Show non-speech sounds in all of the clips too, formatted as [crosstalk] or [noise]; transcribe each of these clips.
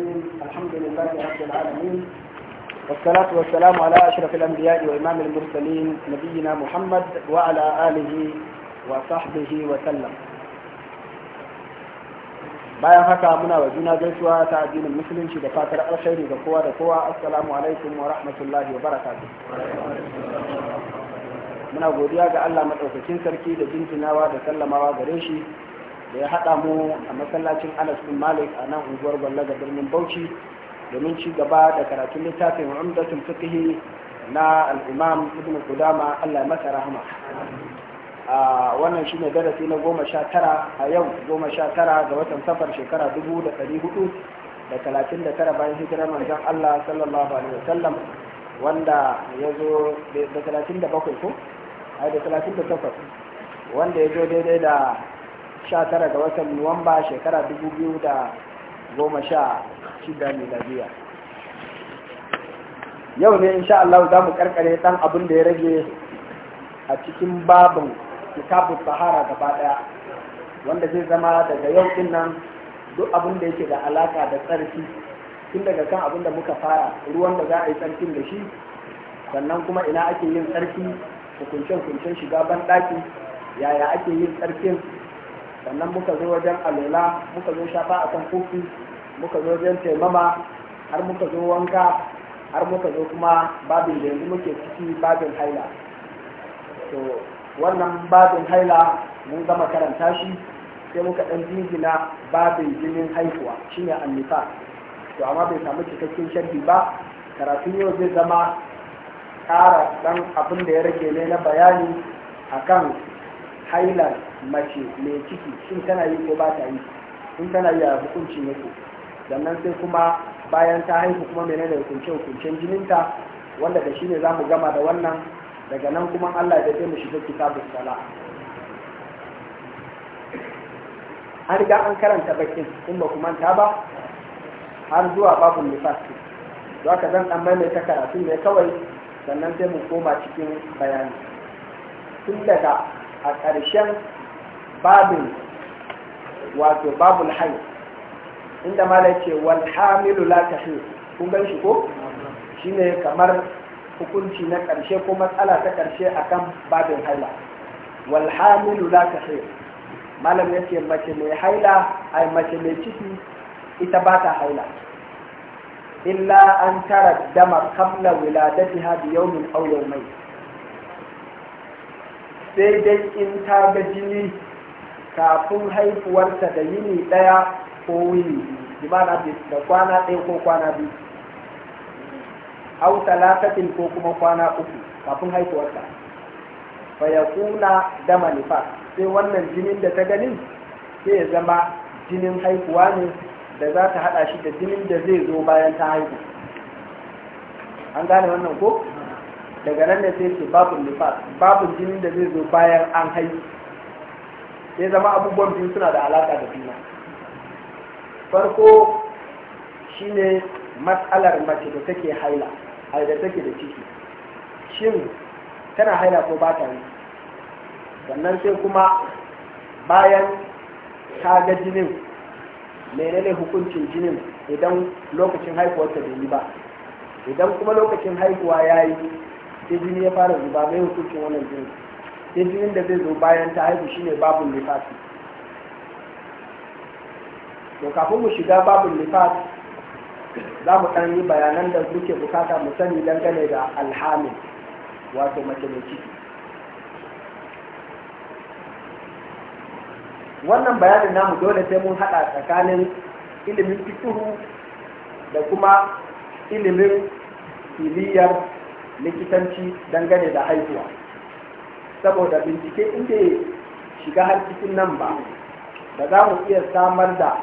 الرجيم الحمد لله رب العالمين والصلاة والسلام على أشرف الأنبياء وإمام المرسلين نبينا محمد وعلى آله وصحبه وسلم bayan haka muna wa juna gaisuwa ta addinin musulunci da fatar alkhairi ga kowa da kowa assalamu alaikum wa rahmatullahi wa barakatuh muna godiya ga Allah madaukakin sarki da jinjinawa da sallamawa gare shi da ya haɗa mu a masallacin anas bin malik a nan unguwar gwalla ga birnin bauchi domin ci gaba da karatun littafin umdatul fiqh na al-imam ibn qudama Allah masa rahama a wannan shine darasi na goma sha tara a yau goma sha tara ga watan safar shekara dubu da ɗari hudu da talatin da tara bayan hijirar manzon Allah sallallahu alaihi wasallam wanda ya zo da talatin da bakwai ko ai da talatin da takwas wanda ya zo daidai da 19 ga watan nuwamba shekara 2016 miladiya yau ne insha Allah za mu karkare dan abin da ya rage a cikin babin kitabu sahara gaba daya wanda zai zama daga yau din nan duk abin da yake da alaka da tsarki tun daga kan abin da muka fara ruwan da za a yi tsarkin da shi sannan kuma ina ake yin tsarki hukuncen hukuncen shiga ban yaya ake yin tsarkin sannan muka zo wajen alola muka zo shafa a kan kofi muka zo wajen taimama har muka zo wanka har muka zo kuma babin da yanzu muke ciki babin haila to wannan babin haila mun gama karanta shi sai muka ɗan jingina babin jinin haihuwa shine annifa to amma bai samu cikakken sharhi ba karatun yau zai zama ƙara ɗan abin da ya rage ne na bayani akan hailar mace mai ciki shin tana yi ko ba ta yi in tana yi a hukuncin yake sannan sai kuma bayan ta haihu kuma da hukunce hukuncen jininta wanda da shi ne za mu gama da wannan daga nan kuma Allah ya mu shiga kitabun sala an riga an karanta bakin in ba kuma ta ba har zuwa babun nifasi za ka zan mai maimaita karatu ne kawai sannan sai mu koma cikin bayani tun daga a ƙarshen babin wato babul hai inda malai ce wal hamilu la kun gan shi ko shine kamar hukunci na ƙarshe ko matsala ta ƙarshe akan babin haila wal hamilu la malam yace mace mai haila ai mace mai ciki ita ba ta haila illa an tara dama qabla wiladatiha bi yawmin aw yawmayn sai dai in ta ga jini kafin haifuwarta da yini ɗaya ko wuni imana da kwana ɗaya ko kwana biyu talatatin ko kuma kwana uku kafin haifuwarta fa ya kuna dama manufa sai wannan jinin da ta ganin sai ya zama jinin haifuwa ne da za ta haɗa shi da jinin da zai zo bayan ta haihu an gane wannan ko daga nan ne sai ce babu nifas babu jinin da zai zo bayan an haihu sai zama abubuwan biyu suna da alaka da juna farko shine matsalar mace da take haila ai da take da ciki shin tana haila ko ba ta yi sannan sai kuma bayan ta ga jinin menene hukuncin jinin idan lokacin haihuwarta bai yi ba idan kuma lokacin haihuwa ya yi sai jini ya fara zuba mai hukuncin wannan jini sai jinin da zai zo bayan ta haihu shine babun nifasi to kafin mu shiga babu nifas za mu ɗan yi bayanan da muke bukata mu sani dangane da alhamin wato mace mai ciki wannan bayanin namu dole sai mun haɗa tsakanin ilimin fituhu da kuma ilimin filiyar likitanci dangane da haihuwa saboda bincike in bai shiga har cikin nan ba da za mu iya samar da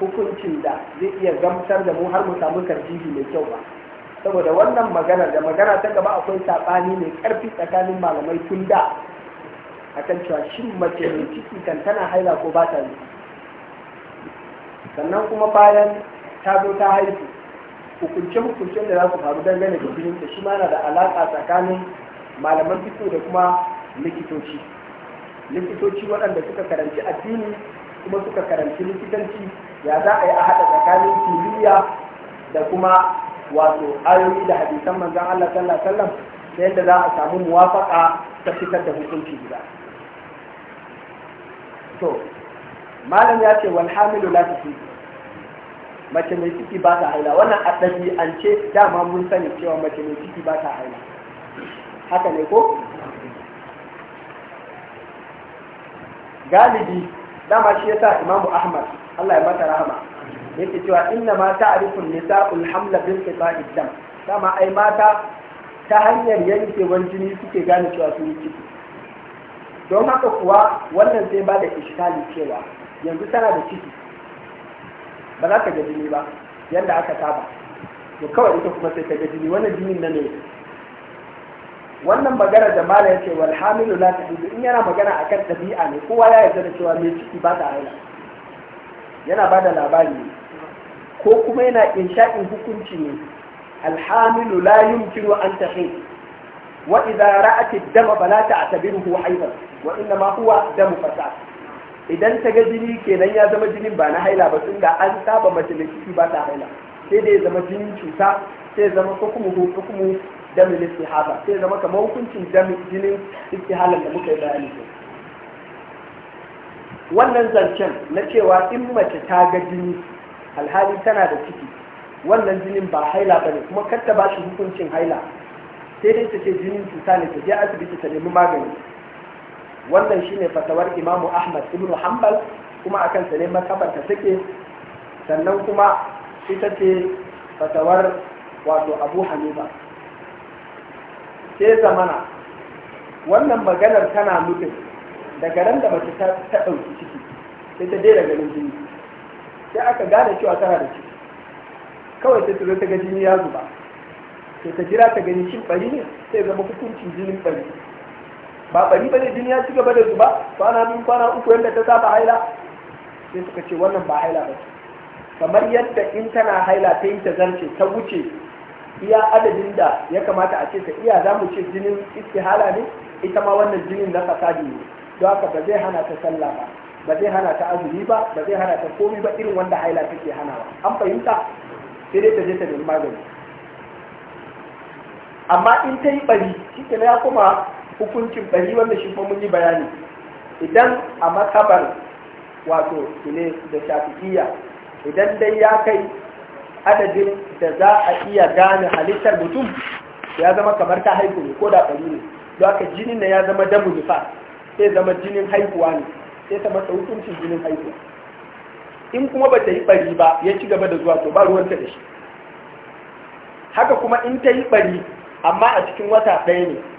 hukuncin da zai iya gamsar da mu har mu samu karjihi mai kyau ba saboda wannan magana da magana ta gaba akwai saɓani mai karfi tsakanin malamai tun da akan cewa shin mace mai ciki kan tana haila ko ba ta yi sannan kuma bayan ta zo ta haihu hukunce-hukuncen da za su faru dangane da jinin da shi ma na da alaƙa tsakanin malaman fito da kuma likitoci likitoci waɗanda suka karanci addini kuma suka karanci likitanci ya za a yi a haɗa tsakanin kimiyya da kuma wato ayoyi da hadisan manzan Allah sallallahu alaihi da yadda za a samu muwafaka ta fitar da hukunci guda to malam ya ce wal hamilu la tusibu mace mai ciki ba ta haila wannan a ɗabi'ance dama mun sani cewa mace mai ciki ba ta haila haka ne ko galibi dama shi yasa imamu ahmad Allah ya mata rahama yake cewa inna ma ta'rifu nisa'ul hamla bil qita'id dam dama ai mata ta hanyar wani jini suke gane cewa sun yi ciki don haka kuwa wannan sai ba da iskali cewa yanzu tana da ciki ba za ka ga jini ba yadda aka saba to kawai ita kuma sai ka ga jini wannan jinin na ne wannan magana da mala ya ce wal hamilu la in yana magana akan ɗabi'a ne kowa ya yarda da cewa mai ciki ba ta haila yana ba da labari ne ko kuma yana insha'in hukunci ne alhamilu la yumkinu an tahid wa idza ra'at ad-dama fala ta'tabiruhu haidan wa inma huwa damu fasad idan ta ga jini kenan ya zama jinin ba na haila ba tun da an saba mace mai ciki ba ta haila sai dai zama jinin cuta sai zama hukumu hukumu damin istihaba sai zama kamar hukuncin jinin halar da muka yi bayani wannan zancen na cewa in mace ta ga jini alhali tana da ciki wannan jinin ba haila bane kuma kar ta ba shi hukuncin haila sai dai ta ce jinin cuta ne ta je asibiti ta nemi magani wannan shine fatawar imamu ahmad ibn hanbal kuma akan sa ne makabarta take sannan kuma ita ce fatawar wato abu hanifa sai zamana wannan maganar tana nufin daga ran da mace ta ɗauki ciki sai ta daina ganin jini sai aka gane cewa tana da ciki kawai sai ta ta ga jini ya zuba sai ta jira ta gani shin bari ne sai zama hukuncin jinin bari ba bari bane jini ya ci gaba da zuba kwana biyu kwana uku yadda ta saba haila sai suka ce wannan ba haila ba kamar yadda in tana haila ta yi ta zarce ta wuce iya adadin da ya kamata a ce ta iya za mu ce jinin istihala ne ita ma wannan jinin na fasadi ne don haka ba zai hana ta sallah ba ba zai hana ta azumi ba ba zai hana ta komi ba irin wanda haila take hana ba. an fahimta sai dai ta je ta nemi magani amma in ta yi bari shi ya koma hukuncin ɗari wanda shi kuma mun yi bayani idan a makabar wato ile da shafi'iyya idan dai ya kai adadin da za a iya gane halittar mutum ya zama kamar ta haihu ne ko da ɗari ne don haka jinin na ya zama damu nifa sai zama jinin haihuwa ne sai ta masa hukuncin jinin haihuwa in kuma ba ta yi ɓari ba ya ci gaba da zuwa to ba ruwanta da shi haka kuma in ta yi ɓari amma a cikin wata ɗaya ne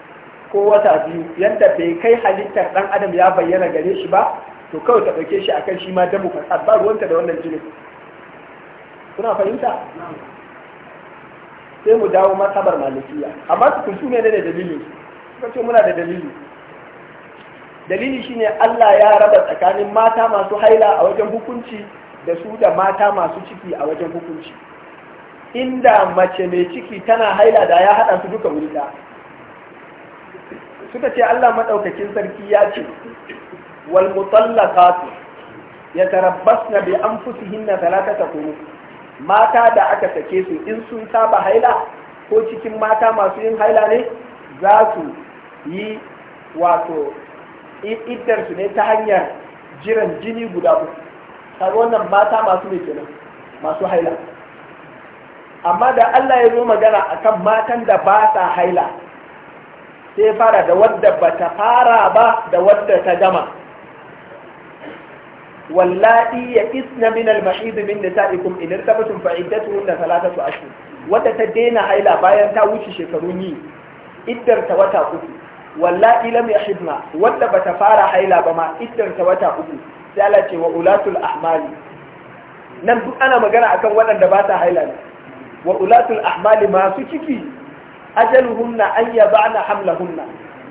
ko wata biyu yadda bai kai halittar ɗan adam ya bayyana gare shi ba to kawai ta ɗauke shi akan shi ma damu kan ba ruwanta da wannan jirgin. kuna fahimta sai mu dawo masabar malikiya amma su ne da dalili suka ce muna da dalili dalili shine Allah ya raba tsakanin mata masu haila a wajen hukunci da su da mata masu ciki a wajen hukunci inda mace mai ciki tana haila da ya haɗa su duka wuri ɗaya suka ce Allah maɗaukakin sarki ya ce wal mutallaqatu yatarabbasna bi anfusihinna thalathata quru mata da aka sake su in sun saba haila ko cikin mata masu yin haila ne za su yi wato iddar ne ta hanyar jiran jini guda ku. kaga wannan mata masu ne kenan masu haila amma da Allah ya zo magana akan matan da ba sa haila sai fara da wadda ba ta fara ba da wadda ta gama wallahi ya isna min al-mahid min nisa'ikum in irtabtum fa iddatuhun su ashhur wadda ta daina haila bayan ta wuce shekarun yi iddar ta wata uku wallahi lam yahidna wadda ba ta fara haila ba ma iddar ta wata uku sai Allah ce wa ulatul ahmali nan duk ana magana akan waɗanda ba ta haila ne wa ulatul ahmali masu ciki ajaluhunna an yaba'na hamlahunna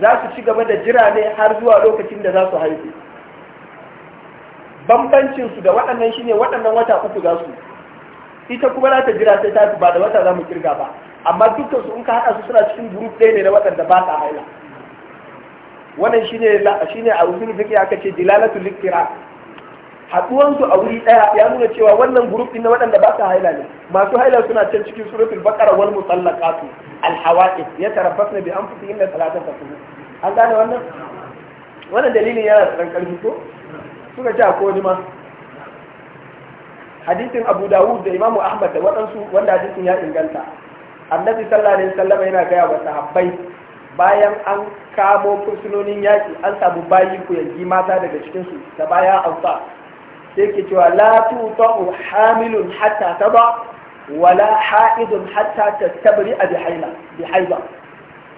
za su ci gaba da jira ne har zuwa lokacin da za su haihu bambancin su da waɗannan shine waɗannan wata uku za su ita kuma za ta jira sai ta ba da wata za mu kirga ba amma dukkan su in ka haɗa su suna cikin group ɗaya ne na waɗanda ba sa haila wannan shine shine a usul fiqh aka ce Dilalatu likira haɗuwansu a wuri ɗaya ya nuna cewa wannan guruf na waɗanda ba su haila ne masu haila suna can cikin suratul baqara wal musallaqatu al ya yatarabbasna bi anfusihinna thalathata qurun an gane wannan wannan dalilin yana da ƙarfi ko suka ce ko ma hadisin Abu Dawud da imam'u Ahmad da waɗansu wanda hadisin ya inganta annabi sallallahu alaihi wasallam yana gaya wa sahabbai bayan an kamo fursunonin yaƙi an samu bayi ku yanki mata daga cikinsu da baya amsa sai ke cewa la u hamilun hatta taba wala ha'idun hatta tattabri a bihaiba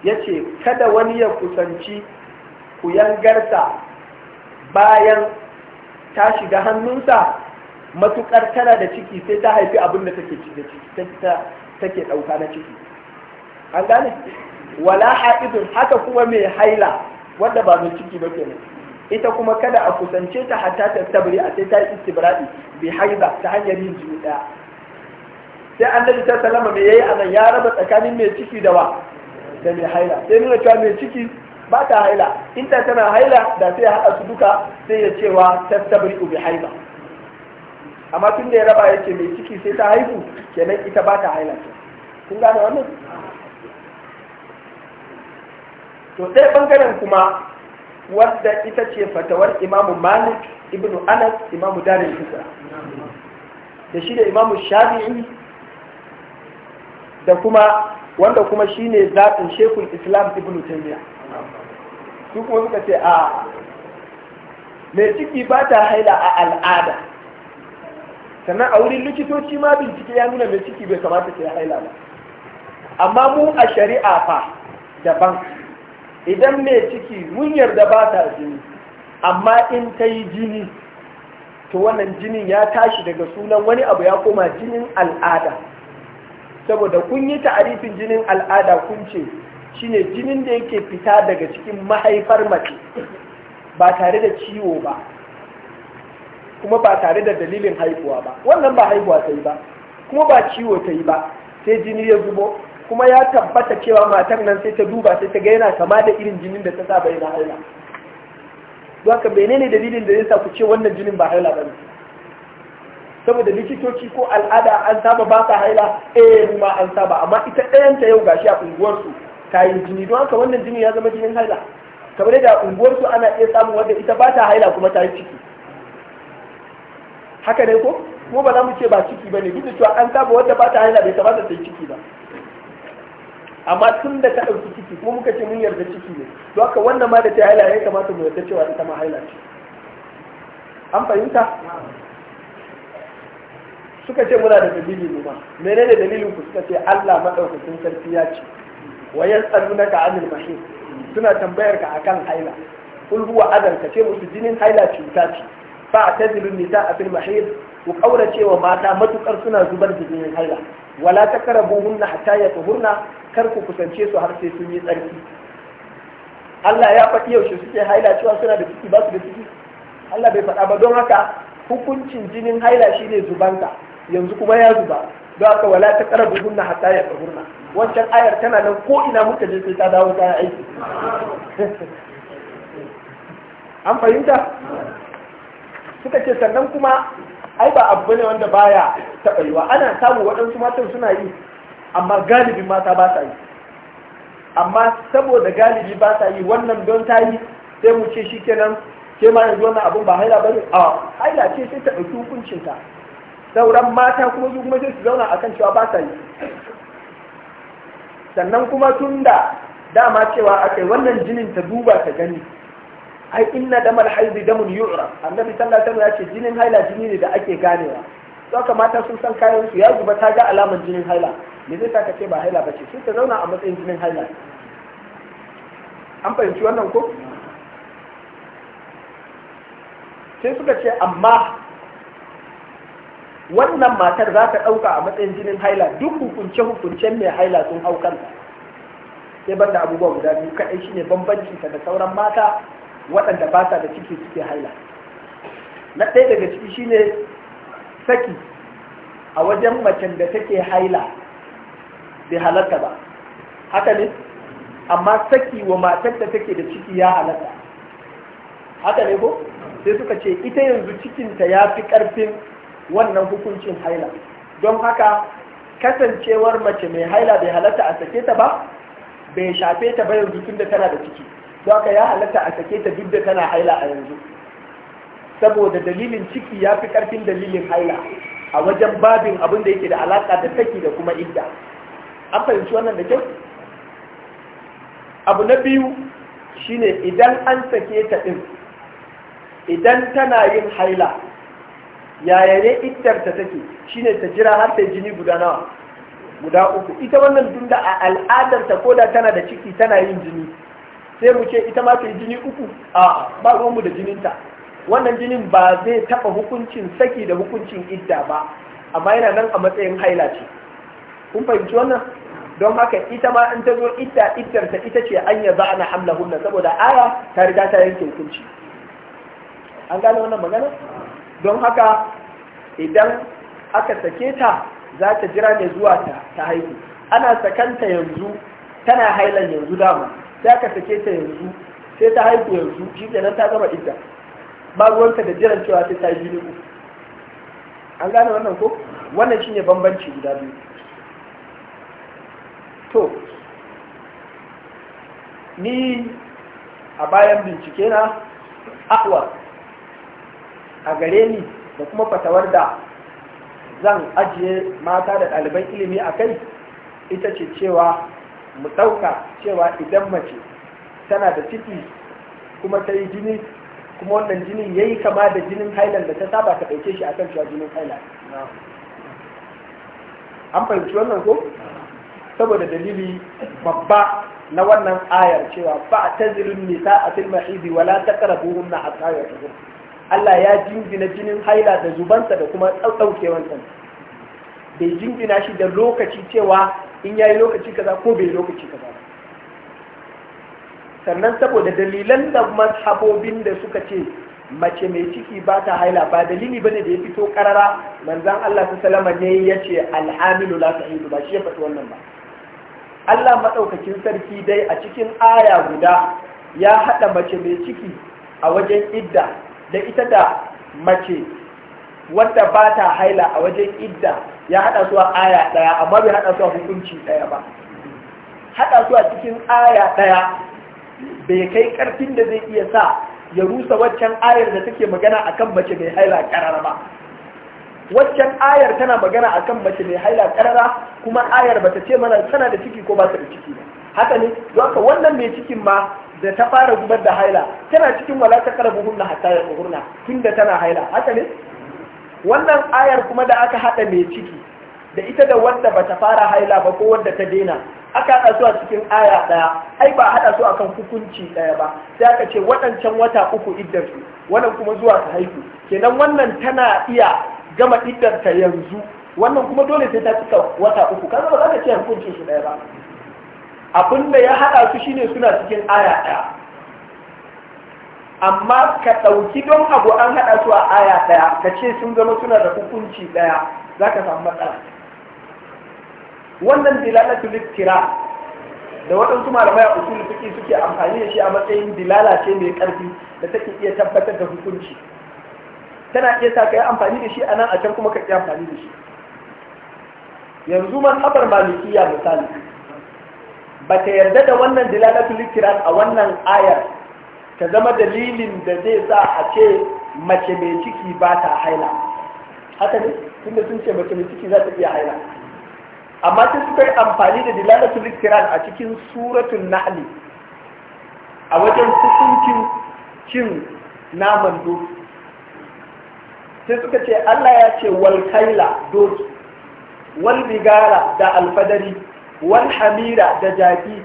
ce, kada wani ya kusanci yangarta bayan ta shiga hannunsa matukar tana da ciki sai ta haifi abin da take take ɗauka na ciki an gane wala ha'idun haka kuma mai haila wanda ba mai ciki ba kenan ita kuma kada a kusance ta hatta ta tabri a sai ta yi istibra'i bi haiba ta hanyar yin juda sai annabi ta salama ya yayi anan ya raba tsakanin mai ciki da wa da mai haila sai nuna cewa mai ciki ba ta haila in ta tana haila da sai ya haɗa su duka sai ya cewa ta tabri bi haiba amma tun da ya raba yake mai ciki sai ta haihu kenan ita ba ta haila kun gane wannan to ɗaya bangaren kuma wadda ita ce fatawar imamu malik ibn anas imamu darin kusa da shi da imamu shafi'i da kuma wanda kuma shi ne zaɓin shekul islam ibn taymiya su kuma suka ce a mai ciki ba ta haila a al'ada sannan a wurin likitoci ma bincike ya nuna mai ciki bai kamata ta haila ba amma mu a shari'a fa daban idan mai ciki mun yarda ba ta jini amma in ta yi jini to wannan jinin ya tashi daga sunan wani abu ya koma jinin al'ada saboda kun yi ta'arifin jinin al'ada kun ce shi ne jinin da yake fita daga cikin mahaifar mace ba tare da ciwo ba kuma ba tare da dalilin haihuwa ba wannan ba haihuwa ta yi ba kuma ba ciwo ta yi ba sai jini ya zubo kuma ya tabbata cewa matar nan sai ta duba sai ta ga yana kama da irin jinin da ta saba yana haila haka menene dalilin da zai sa ku ce wannan jinin ba haila bane saboda likitoci ko al'ada an saba ba sa haila eh mu ma an saba amma ita ɗayanta yau gashi a unguwar su ta yi jini don haka wannan jini ya zama jinin haila kamar da unguwar su ana iya samun wanda ita ba ta haila kuma ta yi ciki haka ne ko kuma ba za mu ce ba ciki bane duk da cewa an saba wanda ba ta haila bai kamata ta yi ciki ba amma tun da ta ɗauki ciki ko muka ce mun yarda ciki ne to haka wannan ma da ta haila ya kamata mu yarda cewa ita ma haila ce an fahimta suka ce muna da dalili ne ma menene dalilin ku suka ce Allah madaukakin sarki ya ce wa yasalunaka anil mahid suna tambayar ka akan haila kul huwa adan ka ce musu jinin haila ce cuta ce fa atazilun nisa fil mahid ku kaurace wa mata matukar suna zubar da jinin haila wala takrabuhunna hatta yatuhurna kar ku kusance su har sai sun yi tsarki Allah ya faɗi yaushe suke haila cewa suna da ciki ba su da ciki Allah bai faɗa ba don haka hukuncin jinin haila shi ne zubanka yanzu kuma ya zuba don haka wala ta ƙara na hatta ya tsahurna wancan ayar tana nan ko ina muka je sai ta dawo ta aiki [laughs] an fahimta suka ce sannan kuma ai ba abu ne wanda baya taɓa yiwa ana samu waɗansu matan suna yi amma galibin mata ba ta yi amma saboda galibi ba ta yi wannan don ta yi sai mu ce shi kenan ke ma yanzu wannan abun ba haila ne a haila ce sai ta ɗauki hukuncin ta sauran mata kuma su kuma sai su zauna akan cewa ba ta yi sannan kuma tun da dama cewa kai wannan jinin ta duba ta gani ai inna damar haizi damun yu'ra annabi sallallahu alaihi wasallam ya ce jinin haila jini ne da ake ganewa to mata sun san kayan su ya zuba ta ga alaman jinin haila me zai saka ce ba haila ba ce sai ta zauna a matsayin jinin haila an fahimci wannan ko sai suka ce amma wannan matar za ta ɗauka a matsayin jinin haila duk hukunce-hukuncen mai haila sun hau kanta sai banda abubuwa guda biyu kaɗai shine bambanci ta da sauran mata waɗanda ba ta da ciki suke haila na ɗaya daga ciki shine saki a wajen macen da take haila bai halatta ba haka ne amma saki wa matar da take da ciki ya halatta haka ne ko sai suka ce ita yanzu cikinta ya fi ƙarfin wannan hukuncin haila don haka kasancewar mace mai haila bai halarta a sake ta ba bai shafe ta ba yanzu tun da tana da ciki don haka ya halarta a sake ta duk da tana haila a yanzu saboda dalilin ciki ya fi ƙarfin dalilin haila a wajen babin abin da yake da alaƙa da saki da kuma idda an fahimci wannan da kyau abu na biyu shine idan an sake ta ɗin idan tana yin haila yaya ne ta take shine ta jira har ta jini guda nawa guda uku ita wannan tunda a al'adarta ko da tana da ciki tana yin jini sai mu ita ma ta jini uku a ba mu da jininta wannan jinin ba zai taɓa hukuncin saki da hukuncin idda ba amma yana nan a matsayin haila ce kun fahimci wannan don haka ita ma an tazo ita ittarta ita ce an ya za'ana hamlahunna saboda aya ta riga ta yanke hukunci an gane wannan magana don haka idan aka sake ta za ta jira ne zuwa ta ta haihu ana sakanta yanzu tana hailan yanzu dama sai aka sake ta yanzu sai ta haihu yanzu shi kenan ta gama idda ba ruwanta da jiran cewa sai ta yi biyu an gane wannan ko wannan shine bambanci guda biyu to ni a bayan bincike na akwa a gare ni da kuma fatawar da zan ajiye mata da ɗaliban ilimi a kai ita ce cewa mu ɗauka cewa idan mace tana da ciki kuma ta yi jini kuma wannan jinin ya yi kama da jinin hailan da ta saba ta ɗauke shi a kan cewa jinin hailan an fahimci wannan ko? saboda dalili babba na wannan ayar cewa ba ta zirin nisa a fil mahidi wala ta karabuhun na hatta ya Allah ya jingina jinin haila da zubansa da kuma tsaukewanta bai jingina shi da lokaci cewa in ya yi lokaci kaza ko bai lokaci kaza sannan saboda dalilan da mazhabobin da suka ce mace mai ciki ba ta haila ba dalili bane da ya fito karara manzan Allah su salama ne ya ce al'amilu la hidu ba shi ya fita wannan ba Allah maɗaukakin sarki dai a cikin aya guda ya haɗa mace mai ciki a wajen idda da ita da mace wadda ba ta haila a wajen idda ya haɗa su a aya ɗaya amma bai haɗa su a hukunci ɗaya ba haɗa su a cikin aya ɗaya bai kai ƙarfin da zai iya sa ya rusa waccan ayar da take magana akan mace mai haila ƙarar ba waccan ayar tana magana akan mace mai haila karara kuma ayar bata ce mana tana da ciki ko ba ta da ciki ba haka ne don wannan mai cikin ma da ta fara zubar da haila tana cikin wala ta karabu hunna hatta ya tsuhurna tunda tana haila haka ne wannan ayar kuma da aka haɗa mai ciki da ita da wanda bata fara haila ba ko wanda ta daina aka haɗa su a cikin aya ɗaya ai ba haɗa su akan hukunci ɗaya ba sai aka ce waɗancan wata uku iddarsu wannan kuma zuwa su haihu kenan wannan tana iya gama ta yanzu wannan kuma dole sai ta cika wata uku Ka ba za ka ce hukuncin shi ɗaya ba abin da ya haɗa su shine suna cikin aya ɗaya amma ka ɗauki don abu an haɗa su a aya ɗaya ka ce sun zama suna da hukunci ɗaya za ka samu matsala wannan tu littira, da waɗansu malamai a usul suke amfani da shi a matsayin dilala ce mai ƙarfi da take iya tabbatar da hukunci tana iya sa ka yi amfani da shi a nan a can kuma ka yi amfani da shi yanzu man mazhabar malikiya misali ba ta yarda da wannan dilalatul ikrar a wannan ayar ta zama dalilin da zai sa a ce mace mai ciki ba ta haila haka ne tunda sun ce mace mai ciki za ta iya haila amma sai suka yi amfani da dilalatul ikrar a cikin suratun nahl a wajen hukuncin cin naman doki sai suka ce Allah ya ce wal kaila doki wal bigara da alfadari wal hamira da jaki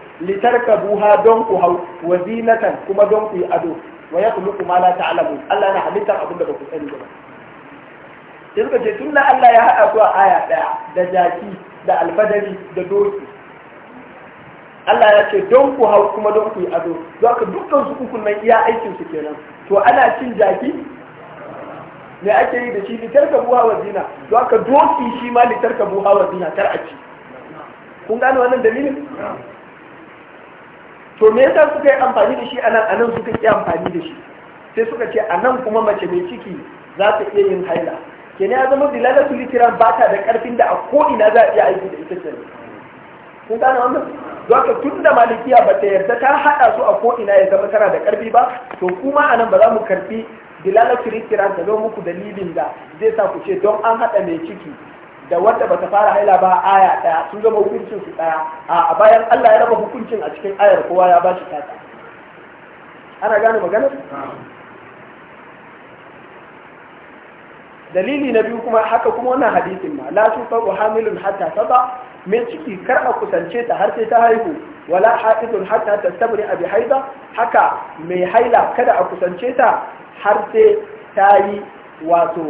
buha don ku hau wa zinatan kuma don ku yi ado wa yakhluqu kuma la ta'lamu Allah yana halittar abin da ba ku sani ba sai suka ce tunda Allah ya haɗa zuwa a aya ɗaya da jaki da alfadari da doki Allah ya ce don ku hau kuma don ku yi ado don ka dukkan su uku nan iya aikin su kenan to ana cin jaki me ake yi da shi litarka buha wa zina to aka doki shi ma litarka buha wa zina kar a ci kun gane wannan dalilin to me yasa suka yi amfani da shi anan anan suka yi amfani da shi sai suka ce anan kuma mace mai ciki za ta iya yin haila Ke ne ya zama su litiran ba ta da karfin da a ko ina za a iya aiki da ita ce kun gane wannan zaka tun da malikiya ba ta yarda ta haɗa su a ko'ina ya zama tana da ƙarfi ba to kuma a nan ba za mu karfi bilala kirikira da zo muku dalilin da zai sa ku ce don an haɗa mai ciki da wadda bata fara haila ba aya ɗaya sun zama hukuncin su ɗaya a bayan Allah ya raba hukuncin a cikin ayar kowa ya ba shi ana gane maganar dalili na biyu kuma haka kuma wannan hadisin ma la su tabu hamilun hatta taba ciki kar a kusance ta har sai ta haihu wala haidun hatta tastabri abi haida haka mai haila kada a kusance ta har sai ta yi wato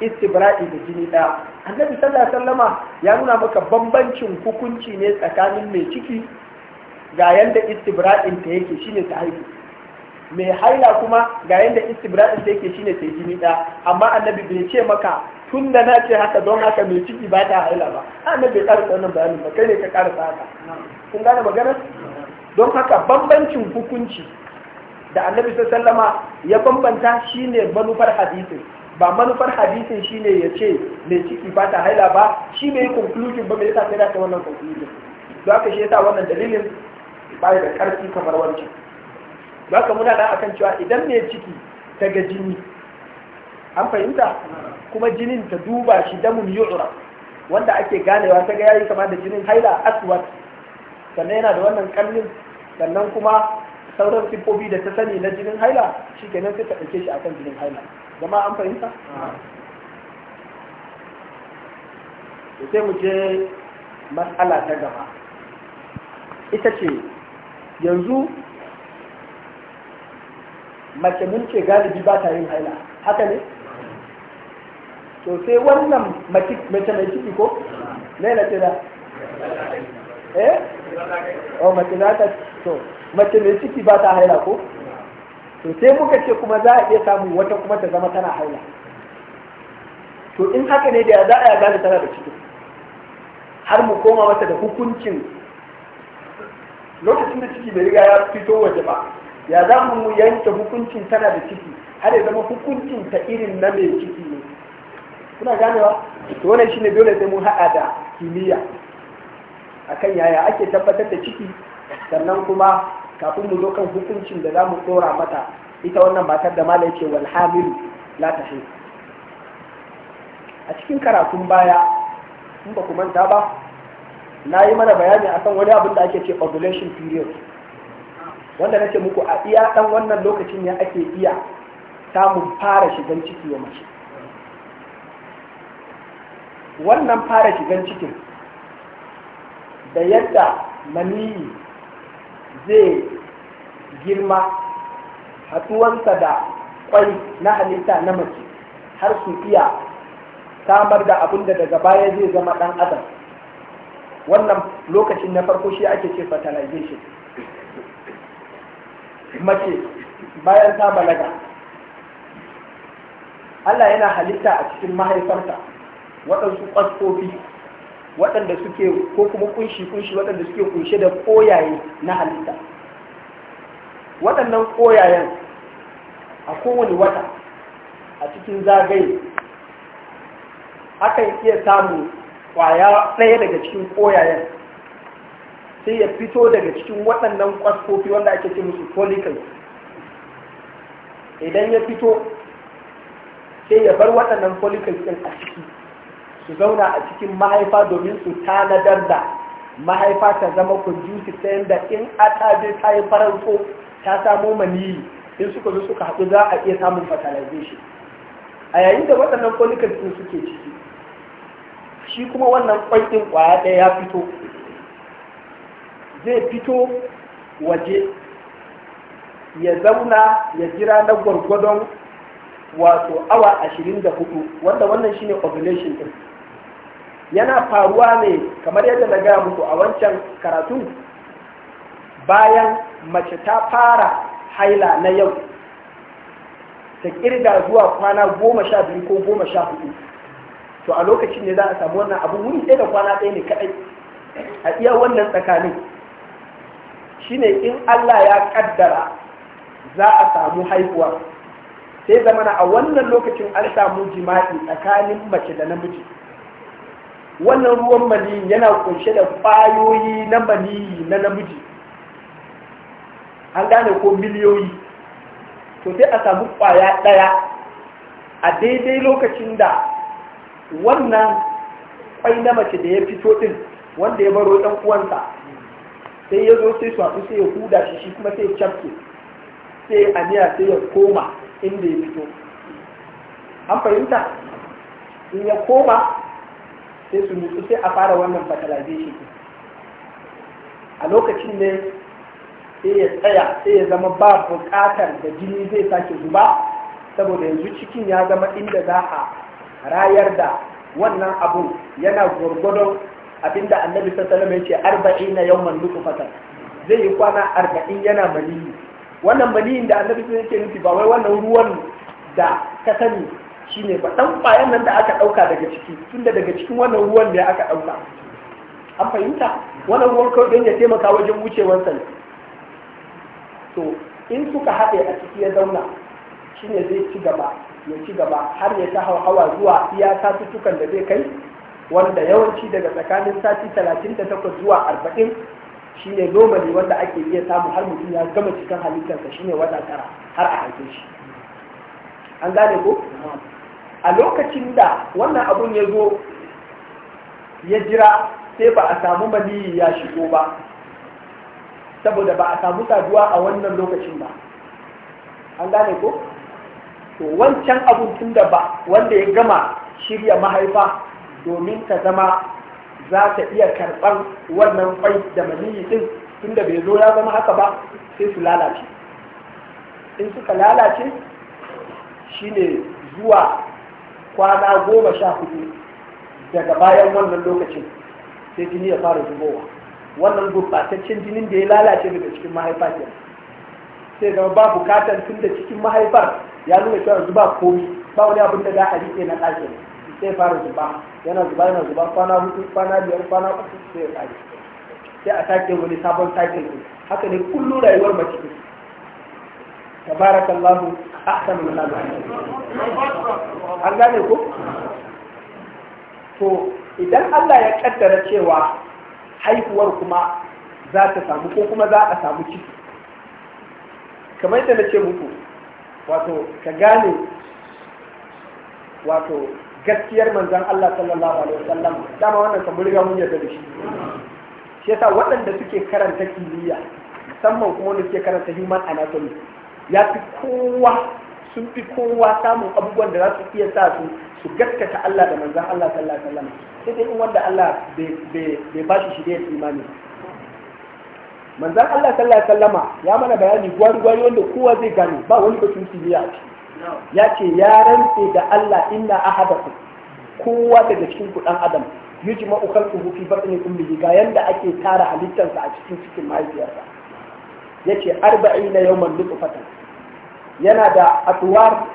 istibra'i da jini ɗaya annabi sallallahu alaihi wasallama ya nuna maka bambancin hukunci ne tsakanin mai ciki ga yanda istibra'in ta yake shine ta haihu mai haila kuma ga yadda istibra'in da yake shine sai jini da amma annabi bai ce maka tun da na ce haka don haka mai ciki ba ta haila ba annabi bai karasa wannan bayanin ba kai ne ka karasa haka kun gane magana don haka bambancin hukunci da annabi sallama ya bambanta shine manufar hadisin ba manufar hadisin shine ya ce mai ciki ba ta haila ba shi ne conclusion ba mai yasa sai da wannan conclusion don haka shi yasa wannan dalilin ba da karfi kamar wancan ka muna da akan cewa idan mai ciki ta ga jini an fahimta kuma jinin ta duba shi damun yu'ra wanda ake ganewa ta ga yayi kama da jinin haila aswat sannan yana da wannan kallin sannan kuma sauran siffofi da ta sani na jinin haila shi kenan sai ta ɗauke shi akan jinin haila zama an fahimta sai mu je matsala ta gaba ita ce yanzu mace mun ce galibi ba ta yin haila haka ne to sai wannan mace mai ciki ko ne na ce da eh oh mace za ta to mace mai ciki ba ta haila ko to sai muka ce kuma za a iya samun wata kuma ta zama tana haila to in haka ne da ya za a ya gane tana da ciki har mu koma mata da hukuncin lokacin da ciki bai riga ya fito waje ba ya za mu yanke hukuncin tana da ciki har ya zama hukuncin ta irin na mai ciki ne kuna ganewa to wannan shine dole sai mun haɗa da kimiyya akan yaya ake tabbatar da ciki sannan kuma kafin mu zo kan hukuncin da za mu tsora mata ita wannan matar da mala yake wal hamilu la a cikin karatun baya in ba ku manta ba na yi mana bayani akan wani abin da ake ce ovulation period wanda na ce muku a iya dan wannan lokacin ne ake iya samun fara shigan ciki wa mace wannan fara shigan cikin da yadda maniyi zai girma haɗuwansa da kwai na halitta na mace har su iya samar da abin da daga baya zai zama ɗan adam wannan lokacin na farko shi ake ce fertilization mace bayan ta balaga Allah yana halitta a cikin mahaifarta waɗansu ƙwaskofi waɗanda suke ko kuma kunshi-kunshi waɗanda suke kunshe da koyaye na halitta waɗannan koyayen a kowane wata a cikin zagaye akan iya samun ƙwaya ɗaya daga cikin koyayen sai ya fito daga cikin waɗannan kwaskofi wanda ake ce musu follicles idan ya fito sai ya bar waɗannan follicles ɗin a ciki su zauna a cikin mahaifa domin su tanadar da mahaifa ta zama conducive ta yadda in atabe ta yi faranto ta samo maniyi in suka zo suka haɗu za a iya samun fertilization a yayin da waɗannan follicles ɗin suke ciki shi kuma wannan kwai ɗin ƙwaya ɗaya ya fito zai fito waje ya zauna ya jira na gwargwadon wato awa ashirin da hudu wanda wannan shine ovulation din yana faruwa ne kamar yadda na gaya muku a wancan karatu bayan mace ta fara haila na yau ta kirga zuwa kwana goma sha biyu ko goma sha hudu to a lokacin ne za a samu wannan abu ɗaya da kwana ɗaya ne kaɗai a iya wannan tsakanin shine in Allah ya kaddara za a samu haihuwa sai zamana a wannan lokacin an samu jima'i tsakanin mace da namiji wannan ruwan maniyi yana kunshe da kwayoyi na maniyi na namiji an gane ko miliyoyi to sai a samu kwaya ɗaya a daidai lokacin da wannan kwai na mace da ya fito din wanda ya baro ɗan uwansa sai ya zo sai su haɗu sai ya huda shi shi kuma sai ya cafke sai a aniya sai ya koma inda ya fito an fahimta in ya koma sai su nutsu sai a fara wannan fertilization a lokacin ne sai ya tsaya sai ya zama ba bukatar da jini zai sake zuba saboda yanzu cikin ya zama inda za a rayar da wannan abun yana gwargwadon abinda annabi sallallahu alaihi wasallam arba'in na yawman nutfata zai yi kwana arba'in yana maniyi wannan maniyin da annabi sai yake nufi ba wai wannan ruwan da ka sani shine ba dan bayan nan da aka dauka daga ciki tunda daga cikin wannan ruwan da aka dauka an fahimta wannan ruwan kawai don ya taimaka wajen wucewar sa to in suka haɗe a ciki ya zauna shine zai ci gaba ya ci gaba har ya ta hawa zuwa iya satuttukan da zai kai wanda yawanci daga tsakanin sati talatin da takwas zuwa arba'in shi ne nomali wanda ake iya samu har mutum ya gama cikin halittarsa shi ne wata tara har a haife shi an gane ko a lokacin da wannan abun ya zo ya jira sai ba a samu maniyi ya shigo ba saboda ba a samu saduwa a wannan lokacin ba an gane ko to wancan abun tun da ba wanda ya gama shirya mahaifa domin ka zama za ta iya karɓar wannan kwai da maniyi din da bai zo ya zama haka ba sai su lalace in suka lalace shine zuwa kwana goma sha hudu daga bayan wannan lokacin sai jini ya fara zubowa wannan gurbataccen jinin da ya lalace daga cikin mahaifa ke sai zama ba bukatar tun da cikin mahaifar ya nuna cewa zuba komi ba wani abin da za a riƙe na ɗakin sai fara zuba yana zuba yana zuba kwana hutu kwana biyar kwana uku sai ya tsari sai a sake wani sabon sake ne haka ne kullu rayuwar mace ne tabarakallahu ahsanul khaliqin an gane ko to idan Allah ya kaddara cewa haihuwar kuma za ta samu ko kuma za a samu ciki kamar yadda na ce muku wato ka gane wato gaskiyar manzan Allah sallallahu alaihi wasallam dama wannan kan riga mun yarda da shi shi yasa waɗanda suke karanta kimiyya musamman kuma wanda suke karanta human anatomy ya fi kowa sun fi kowa samun abubuwan da za su iya sa su su gaskata Allah da manzan Allah sallallahu alaihi wasallam sai dai in wanda Allah bai ba shi shirye imani manzan Allah sallallahu alaihi wasallama ya mana bayani gwari-gwari wanda kowa zai gane ba wani batun kimiyya a ciki ya ce ya rantse da Allah inna ahadakum kowa daga cikin kudan adam adam yujma'u khalquhu fi batni ummihi ga yanda ake tara halittarsa a cikin cikin mahaifiyarsa yace 40 yawman nutfatan yana da atwar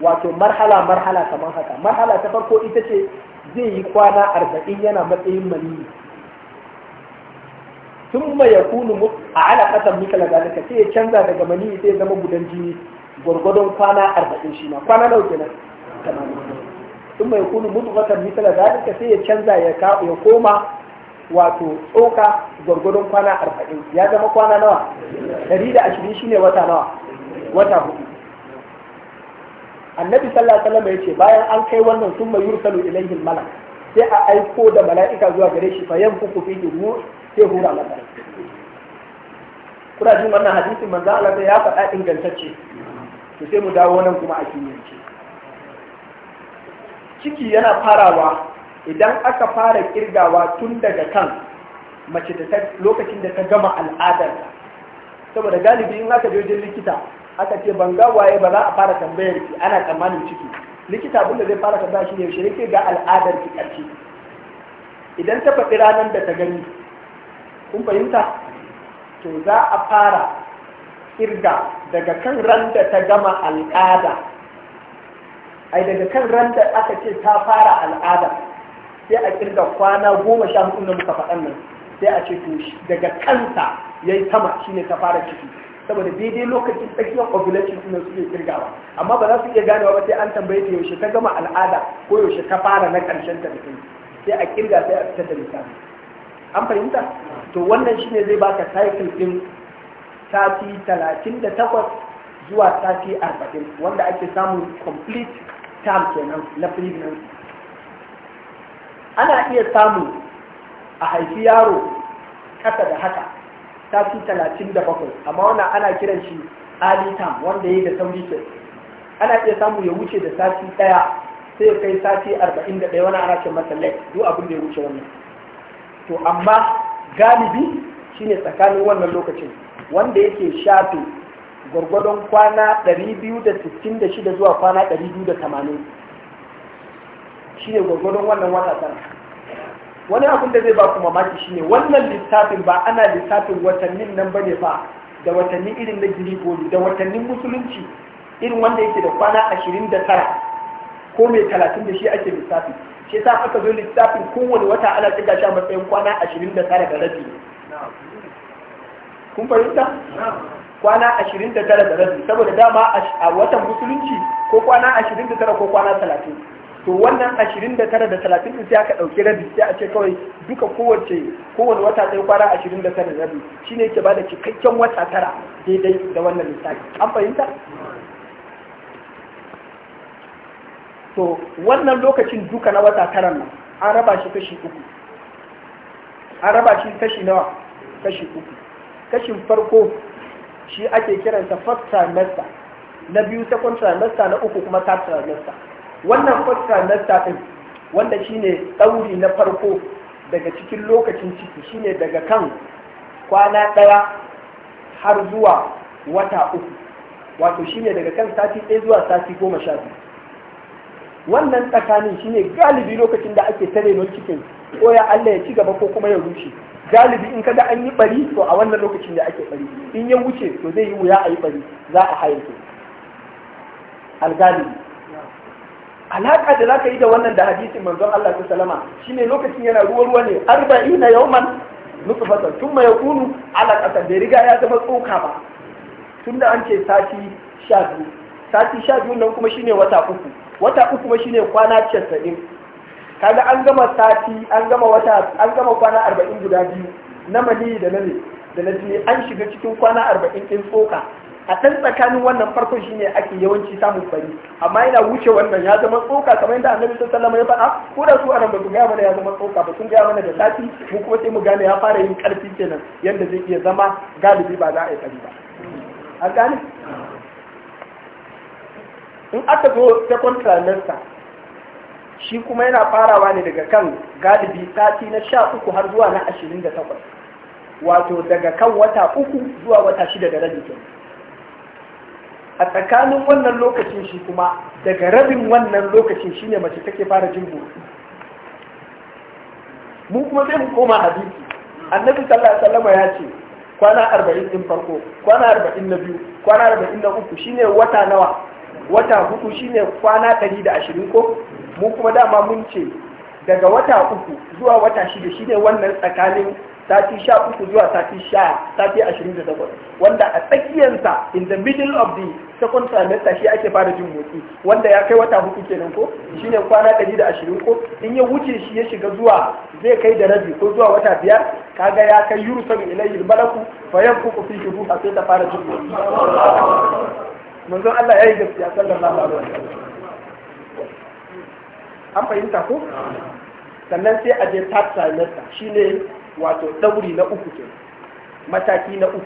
wato marhala marhala kamar haka marhala ta farko ita ce zai yi kwana arba'in yana matsayin maniyi a a علقة mikala ذلك sai ya canza daga mani sai ya zama gudan jini gwargwadon kwana arba'in shi ma kwana nawa kenan Sun mai kunu mutuwatan misala zalika sai ya canza ya koma wato tsoka gwargwadon kwana arba'in ya zama kwana nawa ɗari da ashirin shi ne wata nawa wata hudu annabi sallallahu alaihi wasallam ce bayan an kai wannan sun mai yursalu ilaihi malak sai a aiko da mala'ika zuwa gare shi fa kuka fi ruh sai hura masa kuna jin wannan hadisin manzo Allah ya faɗa ingantacce to sai mu dawo nan kuma a kimiyyance ciki yana farawa idan aka fara kirgawa tun daga kan mace da lokacin da ta gama al'adar saboda galibi in aka je wajen likita aka ce ban ga waye ba za a fara tambayar ki ana tsammanin ciki likita abinda zai fara tambaya shi ne yaushe yake ga al'adar ki karshe idan ta faɗi ranar da ta gani kun fahimta to za a fara kirga daga kan randa ta gama al'ada ai daga kan randa aka ce ta fara al'ada sai a kirga kwana goma sha hudu na muka faɗan nan sai a ce to daga kanta ya yi sama shi ne ta fara ciki saboda daidai lokacin tsakiyar ovulation suna suke kirgawa amma ba za su iya ganewa ba sai an tambaye ta yaushe ta gama al'ada ko yaushe ta fara na ƙarshen ta da kai sai a kirga sai a fitar da misali an fahimta to wannan shine zai baka cycle ɗin sati talatin da takwas zuwa sati arba'in wanda ake samun complete term kenan na pregnancy ana iya samun a haifi yaro kasa da haka sati talatin da bakwai amma wannan ana kiran shi early term wanda ya yi da sauri ke ana iya samu ya wuce da sati ɗaya sai kai sati arba'in da ɗaya wani ana ce masa late duk abin da ya wuce wannan to amma galibi shine tsakanin wannan lokacin wanda yake shafe gwargwadon kwana 266 zuwa kwana 280 shi ne gwargwadon wannan wata tara wani abin da zai ba kuma mamaki shi ne wannan littafin ba ana littafin watannin nan ba ne ba da watanni irin na girigoli da watannin musulunci irin wanda yake da kwana 29 ko mai 30 da shi ake lissafi shi sa aka zo littafin kowane wata ana tsiga shi a matsayin kwana 29 da rabi kun fahimta kwana 29 da rabi saboda dama a watan musulunci ko kwana 29 ko kwana 30 to wannan 29 da 30 din sai aka dauki rabi sai a ce kawai duka kowace kowane wata sai kwana 29 da rabi shine yake bada cikakken wata tara daidai da wannan lissafi an fahimta to wannan lokacin duka na wata tara nan an raba shi kashi uku an raba shi kashi nawa kashi uku kashin farko shi ake kiransa first trimester na biyu second trimester na uku kuma third trimester wannan first trimester din wanda shine tsauri na farko daga cikin lokacin ciki shine daga kan kwana ɗaya har zuwa wata uku wato shine daga kan sati ɗaya zuwa sati goma sha biyu wannan tsakanin shine galibi lokacin da ake tare don cikin ko ya Allah ya ci gaba ko kuma ya rushe galibi in kada an yi bari to a wannan lokacin da ake bari in ya wuce to zai yi wuya a yi bari za a haye su algalibi alaƙa da zaka yi da wannan da hadisin manzon Allah ta salama shine lokacin yana ruwa ruwa ne arba'ina yawman nutfatan thumma yakunu alaqatan bai riga ya zama tsoka ba tunda an ce sati sha sati nan kuma shine wata uku wata uku kuma shine kwana casa'in kaga an gama sati an gama wata an gama kwana arba'in guda biyu na mani da na da na jini an shiga cikin kwana arba'in ɗin tsoka a ɗan tsakanin wannan farkon shine ake yawanci samun fari amma yana wuce wannan ya zama tsoka kamar yadda annabi sallallahu alaihi ya faɗa ko da su anan ba su gaya mana ya zama tsoka ba sun gaya mana da sati mu kuma sai mu gane ya fara yin ƙarfi kenan yadda zai iya zama galibi ba za a yi ƙari ba an gane in aka zo second trimester shi kuma yana farawa ne daga kan galibi sati na sha uku har zuwa na ashirin da takwas wato daga kan wata uku zuwa wata shida da kyau. a tsakanin wannan lokacin shi kuma daga rabin wannan lokacin shi ne mace take fara jin botsi mu kuma zai mu koma hadisi annabi sallallahu alaihi wasallam ya ce kwana arba'in din farko kwana arba'in na biyu kwana arba'in na uku shine wata nawa wata hudu shine kwana ɗari da ashirin ko mu kuma dama mun ce daga wata uku zuwa wata shida shine wannan tsakanin sati sha uku zuwa sati sha sati ashirin da takwas wanda a tsakiyarsa in the middle of the second trimester shi ake fara jin motsi wanda ya kai wata hudu kenan ko shine kwana ɗari da ashirin ko in ya wuce shi ya shiga zuwa zai kai da rabi ko zuwa wata biyar kaga ya kai yurusan ilayil malaku fa yanfuku fi shi shuruha sai ta fara jin motsi manzon Allah ya yi gaskiya sallallahu alaihi wasallam an fahimta ko sannan sai a je third trimester shine wato dauri na uku ke mataki na uku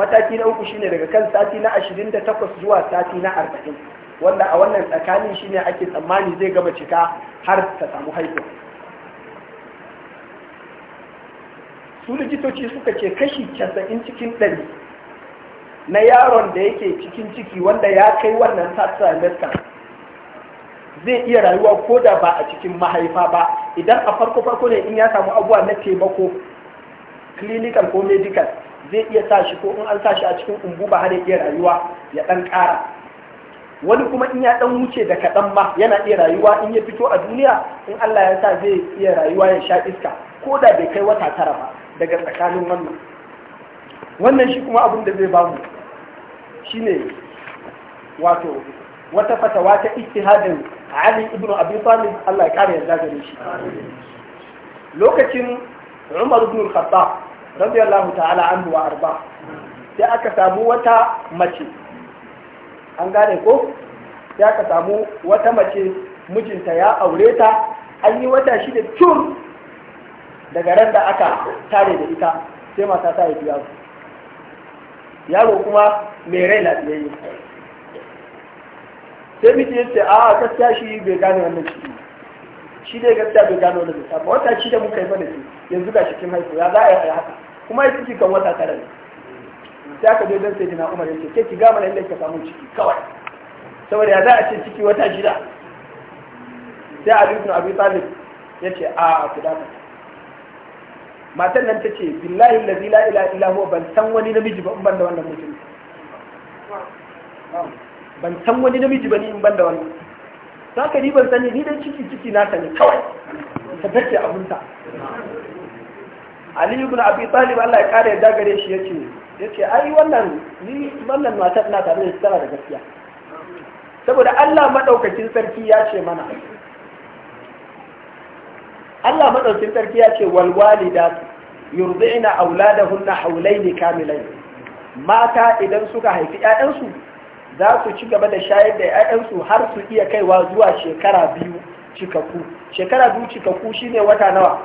mataki na uku shine daga kan sati na 28 zuwa sati na 40 wanda a wannan tsakanin shine ake tsammani zai gama cika har ta samu haihuwa su likitoci suka ce kashi 90 cikin ɗari. na yaron da yake cikin ciki wanda ya kai wannan tattalin zai iya rayuwa ko da ba a cikin mahaifa ba idan a farko farko ne in ya samu abuwa na taimako clinical ko medical zai iya sa shi ko in an sa shi a cikin umbu ba har ya iya rayuwa ya dan kara wani kuma in ya dan wuce da kaɗan ma yana iya rayuwa in ya fito a duniya in Allah ya sa zai iya rayuwa ya sha iska ko da bai kai wata tara ba daga tsakanin wannan wannan shi kuma abin da zai bamu shine wato wata fatawa ta ittihadin Ali ibn Abi Talib Allah ya kare yarda gare shi lokacin Umar ibn al-Khattab radiyallahu ta'ala anhu wa arba sai aka samu wata mace an gane ko sai aka samu wata mace mijinta ya aure ta an yi wata shi da tur daga ran da aka tare da ita sai mata ta haifi biyu yaro kuma mai rai lafiyayye sai miji ya ce a gaskiya shi bai gane wannan ciki shi dai gaskiya bai gane wannan ciki amma wata shi da muka yi mana ce yanzu ga cikin haifu ya za a yi haka kuma ya ciki kan wata tara ne sai aka je don sai jina umar ya ce ke ki gama inda ka samu ciki kawai saboda ya za a ce ciki wata shida sai abin abin talib ya ce a ku dakata matan nan ta ce billahi lazi la ila ila huwa ban san wani namiji ba in ban da wannan mutum ban san wani namiji ba ni in ban da wannan za ka ni ban sani ni dai ciki ciki na sani kawai ta tace abunta Ali ibn Abi Talib Allah ya kare yadda gare shi yace yace ai wannan ni wannan matar na tare da tsara da gaskiya saboda Allah madaukakin sarki ya ce mana Allah madaukin sarki ya ce wal walidatu yurdi'na auladahunna hawlayn kamilayn mata idan suka haifi 'ya'yansu za su ci gaba da shayar da 'ya'yansu har su iya kaiwa zuwa shekara biyu cikakku shekara biyu cikakku shine wata nawa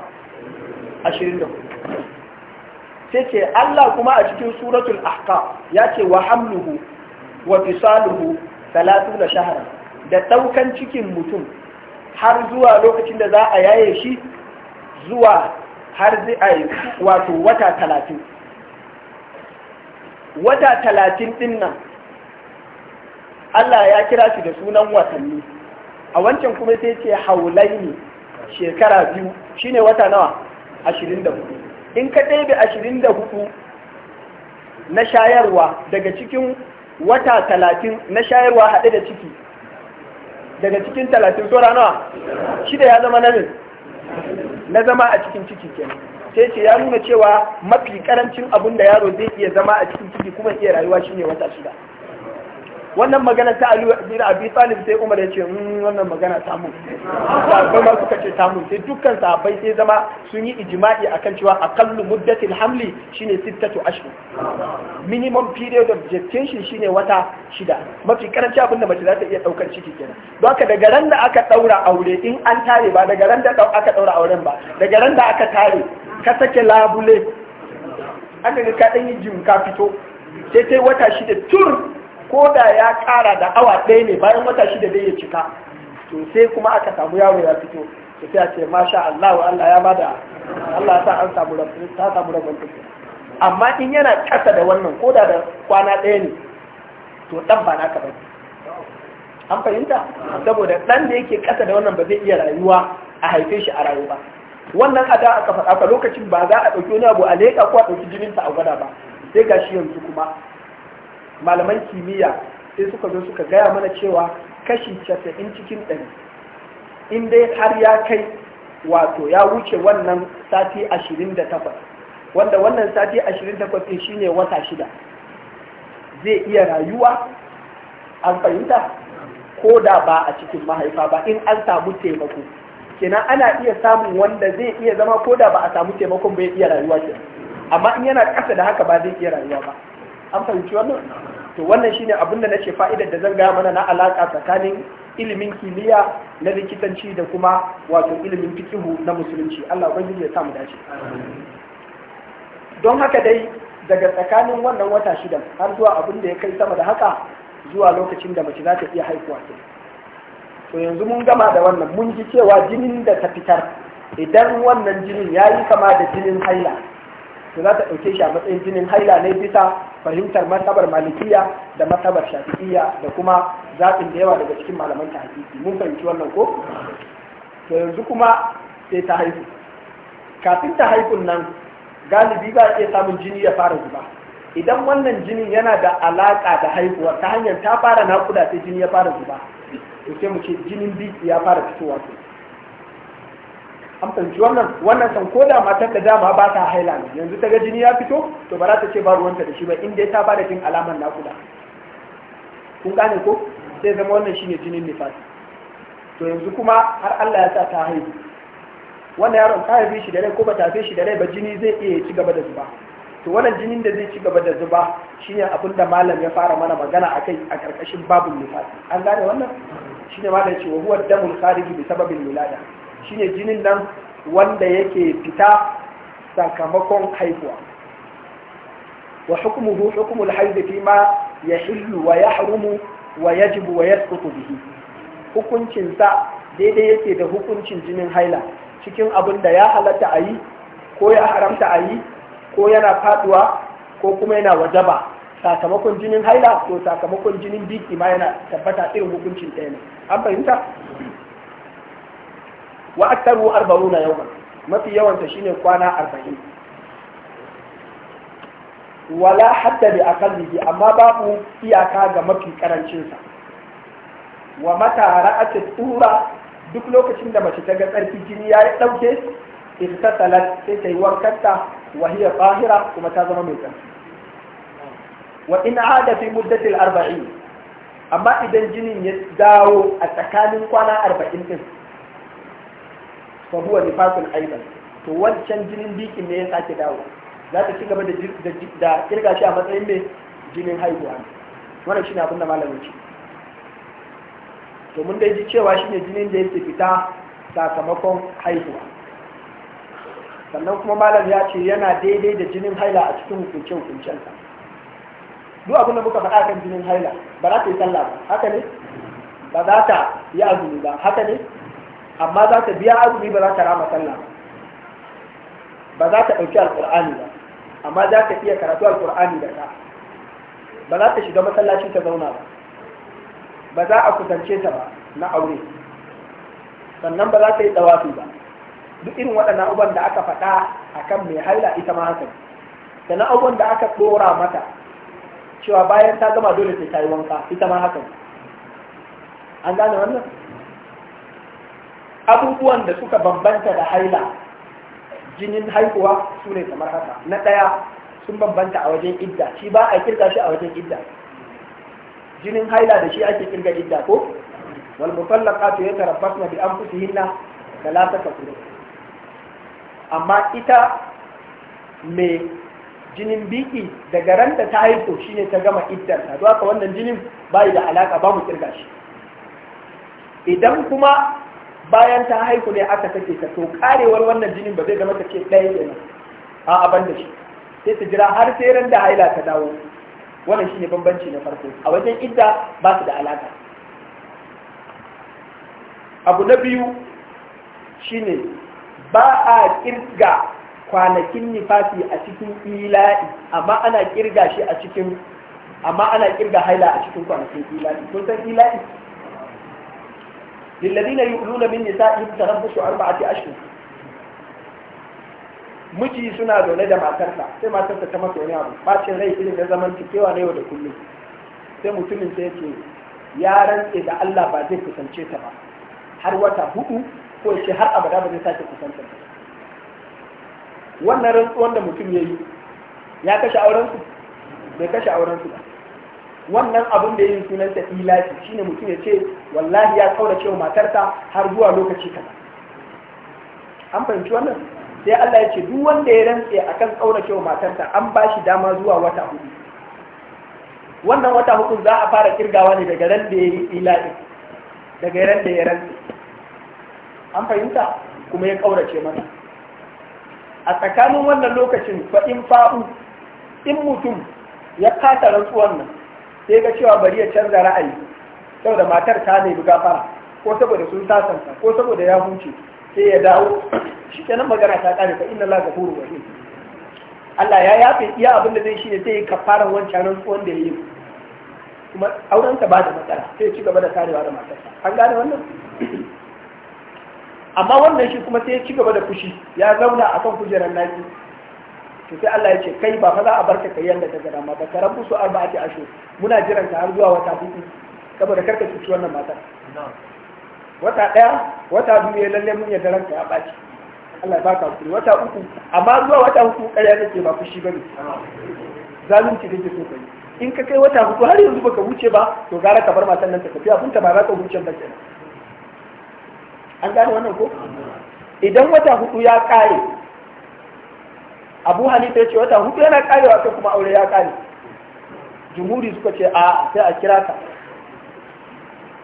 24 sai ce Allah kuma a cikin suratul ahqa ya ce wa hamluhu wa fisaluhu 30 da daukan cikin mutum har zuwa lokacin da za a yaye shi zuwa har zai a wato wata talatin wata talatin din nan Allah ya kira shi da sunan watanni a wancan kuma sai ce haulai ne shekara biyu shine wata nawa ashirin da hudu in ka ɗaibe ashirin da hudu na shayarwa daga cikin wata talatin na shayarwa haɗe da ciki daga cikin talatin sura nawa shida ya zama na zama a cikin ciki ke sai ce ya nuna cewa mafi karancin abin da yaro zai iya zama a cikin ciki kuma iya rayuwa shine wata shida wannan magana ta Ali bin Abi Talib sai Umar ya ce hmm, wannan magana ta mun sahabbai suka ce ta mun sai dukkan sahabbai sai zama sun yi ijma'i akan cewa aqallu muddatil hamli shine sittatu ashhur minimum period of gestation shine wata shida mafi karanci abin da mace za ta iya daukar ciki kenan don haka daga ran da aka daura aure in an tare ba daga ran da aka daura auren ba daga ran da aka tare ka sake labule aka ga ka dan yi jim ka fito sai sai wata shida tur ko da ya kara da awa ɗaya ne bayan wata shida dai ya cika to sai kuma aka samu yaro ya fito to sai a ce masha Allah Allah ya bada Allah sa an samu rabon ta samu amma in yana kasa da wannan ko da da kwana ɗaya ne to ɗan ba naka bane an fahimta saboda ɗan da yake kasa da wannan ba zai iya rayuwa a haife shi a rayu ba wannan a da aka faɗa lokacin ba za a ɗauki wani abu a leƙa ko a ɗauki jininsa a gwada ba sai gashi yanzu kuma malaman kimiyya sai suka zo suka gaya mana cewa kashi casa'in cikin ɗari in dai har ya kai wato ya wuce wannan sati ashirin da takwas wanda wannan sati ashirin da takwas shi shine wata shida zai iya rayuwa an fahimta ko da ba a cikin mahaifa ba in an samu taimako kenan ana iya samun wanda zai iya zama ko da ba a samu taimakon bai iya rayuwa kenan amma in yana ƙasa da haka ba zai iya rayuwa ba an fahimci wannan to wannan shine abin da nace fa'idar da zan gaya mana na alaka tsakanin ilimin kimiyya na likitanci da kuma wato ilimin fikihu na musulunci Allah ubangiji ya samu dace don haka dai daga tsakanin wannan wata shida, har zuwa abin da ya kai sama da haka zuwa lokacin da mace za ta iya haihuwa ke to yanzu mun gama da wannan mun ji cewa jinin da ta fitar idan wannan jinin yayi kama da jinin haila to za ta ɗauke shi a matsayin jinin haila ne bisa fahimtar matsabar malikiya da matsabar shafi'iyya da kuma zaɓin da yawa daga cikin malaman ta hakiki mun fahimci wannan ko to yanzu kuma sai ta haihu kafin ta haihun nan galibi ba iya samun jini ya fara zuba idan wannan jinin yana da alaƙa da haihuwa ta hanyar ta fara naƙuda sai jini ya fara zuba to sai mu ce jinin bi ya fara fitowa sosai an fahimci wannan wannan san ko da matar da dama ba ta haila ne yanzu ta ga jini ya fito to ba za ta ce ba ruwanta da shi ba inda ta ba da jin alamar nakuda kun gane ko sai zama wannan shine jinin nifas to yanzu kuma har Allah ya sa ta haihu wannan yaron ka haife shi da rai ko ba ta haife shi da rai ba jini zai iya ci gaba da zuba to wannan jinin da zai ci gaba da zuba shine abin da malam ya fara mana magana akai a karkashin babul nifas an gane wannan shine malam ya ce wa huwa damul khariji bi sababin wilada shine jinin nan wanda yake fita sakamakon haihuwa wa hukumuhu hukumul haid fi ma yahillu wa yahrumu wa yajibu wa yasqutu bihi hukuncin sa daidai yake da hukuncin jinin haila cikin abin da ya halatta ayi ko ya haramta a yi ko yana faduwa ko kuma yana wajaba sakamakon jinin haila ko sakamakon jinin biki ma yana tabbata irin hukuncin ɗaya ne an fahimta wa aktaru arba'una yawman mafi yawanta shine kwana arba'in wala hatta bi aqallihi amma babu iyaka ga mafi karancinsa wa mata ra'at tura duk lokacin da mace ta ga tsarki jini ya dauke irtasalat sai ta yi warkarta wa hiya tahira kuma ta zama mai tsarki wa in ada fi muddati al-arba'in amma idan jinin ya dawo a tsakanin kwana arba'in din fa huwa nifaqun aidan to wancan jinin bikin ne ya sake dawo za ta ci gaba da kirga shi a matsayin mai jinin haihuwa ne wannan shine abin da malamin ce to mun dai ji cewa shine jinin da yake fita sakamakon haihuwa sannan kuma malam ya ce yana daidai da jinin haila a cikin hukunce hukuncensa duk abin muka faɗa kan jinin haila ba za ta yi sallah ba haka ne ba za ta yi azumi ba haka ne amma za ta biya azumi ba za ta rama sallah ba za ta ɗauki alƙur'ani ba amma za ta iya karatu alƙur'ani da ta ba za ta shiga masallaci ta zauna ba ba za a kusance ta ba na aure sannan ba za ta yi tsawafi ba duk irin waɗannan abubuwan da aka faɗa a kan mai haila ita ma haka da na abubuwan da aka ɗora mata cewa bayan ta gama dole ta yi wanka ita ma haka an gane wannan abubuwan da suka bambanta da haila jinin haihuwa su ne kamar haka na ɗaya sun bambanta a wajen idda shi ba a kirga shi a wajen idda jinin haila da shi ake kirga idda ko wal mutallaqatu na bi anfusihinna ka quru amma ita mai jinin biki daga ran da ta haihu shine ta gama iddar ta don haka wannan jinin bai da alaka ba mu kirga shi idan kuma bayan ta haihu ne aka take ta to karewar wannan jinin ba zai zama ta ce ɗaya kenan a abin da shi sai ta jira har sai ran da haila ta dawo wannan shine bambanci na farko a wajen idda ba su da alaka abu na biyu shine ba a kirga kwanakin nifasi a cikin ila'i amma ana kirga shi a cikin amma ana kirga haila a cikin kwanakin ila'i kun san ila'i yi yu'luna min nisa'ihim tarabbushu arba'ati ashhur miji suna zaune da matarsa sai matarsa ta masa wani abu bacin rai irin na zaman cikewa na yau da kullum sai mutumin sai ce ya rantse da Allah ba zai kusance ta ba har wata hudu ko ce har abada ba zai sake kusance ta wannan rantsuwan da mutum ya yi ya kashe aurensu bai kashe aurensu ba wannan abin da yin sunanta shi shine mutum ya ce wallahi ya kaura cewa matarsa har zuwa lokaci kaza an fahimci wannan sai Allah ya ce duk wanda ya rantse akan kaura cewa matarsa an ba shi dama zuwa wata hudu wannan wata hudu za a fara kirgawa ne daga ran da ya yi ilaki daga ran da ya rantse an fahimta kuma ya ce mana a tsakanin wannan lokacin fa in fa'u in mutum ya kasa rantsuwan nan sai ga cewa bari ya canza ra'ayi saboda matar ta nemi gafara ko saboda sun sasanta ko saboda ya huce sai ya dawo shi kenan magana ta kare fa inna laka ghafurur rahim Allah ya yafe iya abin da zai shi ne sai kafaran wancan rantsuwan da ya yi kuma auren ta ba da matsala sai ci gaba da tarewa da matarsa an gane wannan amma wannan shi kuma sai ci gaba da fushi ya zauna akan kujerar naki to sai Allah ya ce kai ba fa za a barka kai yanda ka gada ma ba karan musu arba'ati ashur muna jiran ka har zuwa wata hudu saboda karka cuci wannan matar wata daya wata biyu ya eh, lalle mun yadda ranka ya baci Allah ya baka hakuri wata uku amma zuwa wata uku ƙarya nake ba fushi bane zalunci kake so kai in ka kai wata hudu har yanzu baka wuce ba to gara ka bar matan nan ta tafi ta ba za ka wuce ba kenan an gane wannan ko idan wata hudu ya kare abu hanifa ya ce wata hudu yana karewa sai kuma aure ya kare jumhuri suka ce a sai a kira ka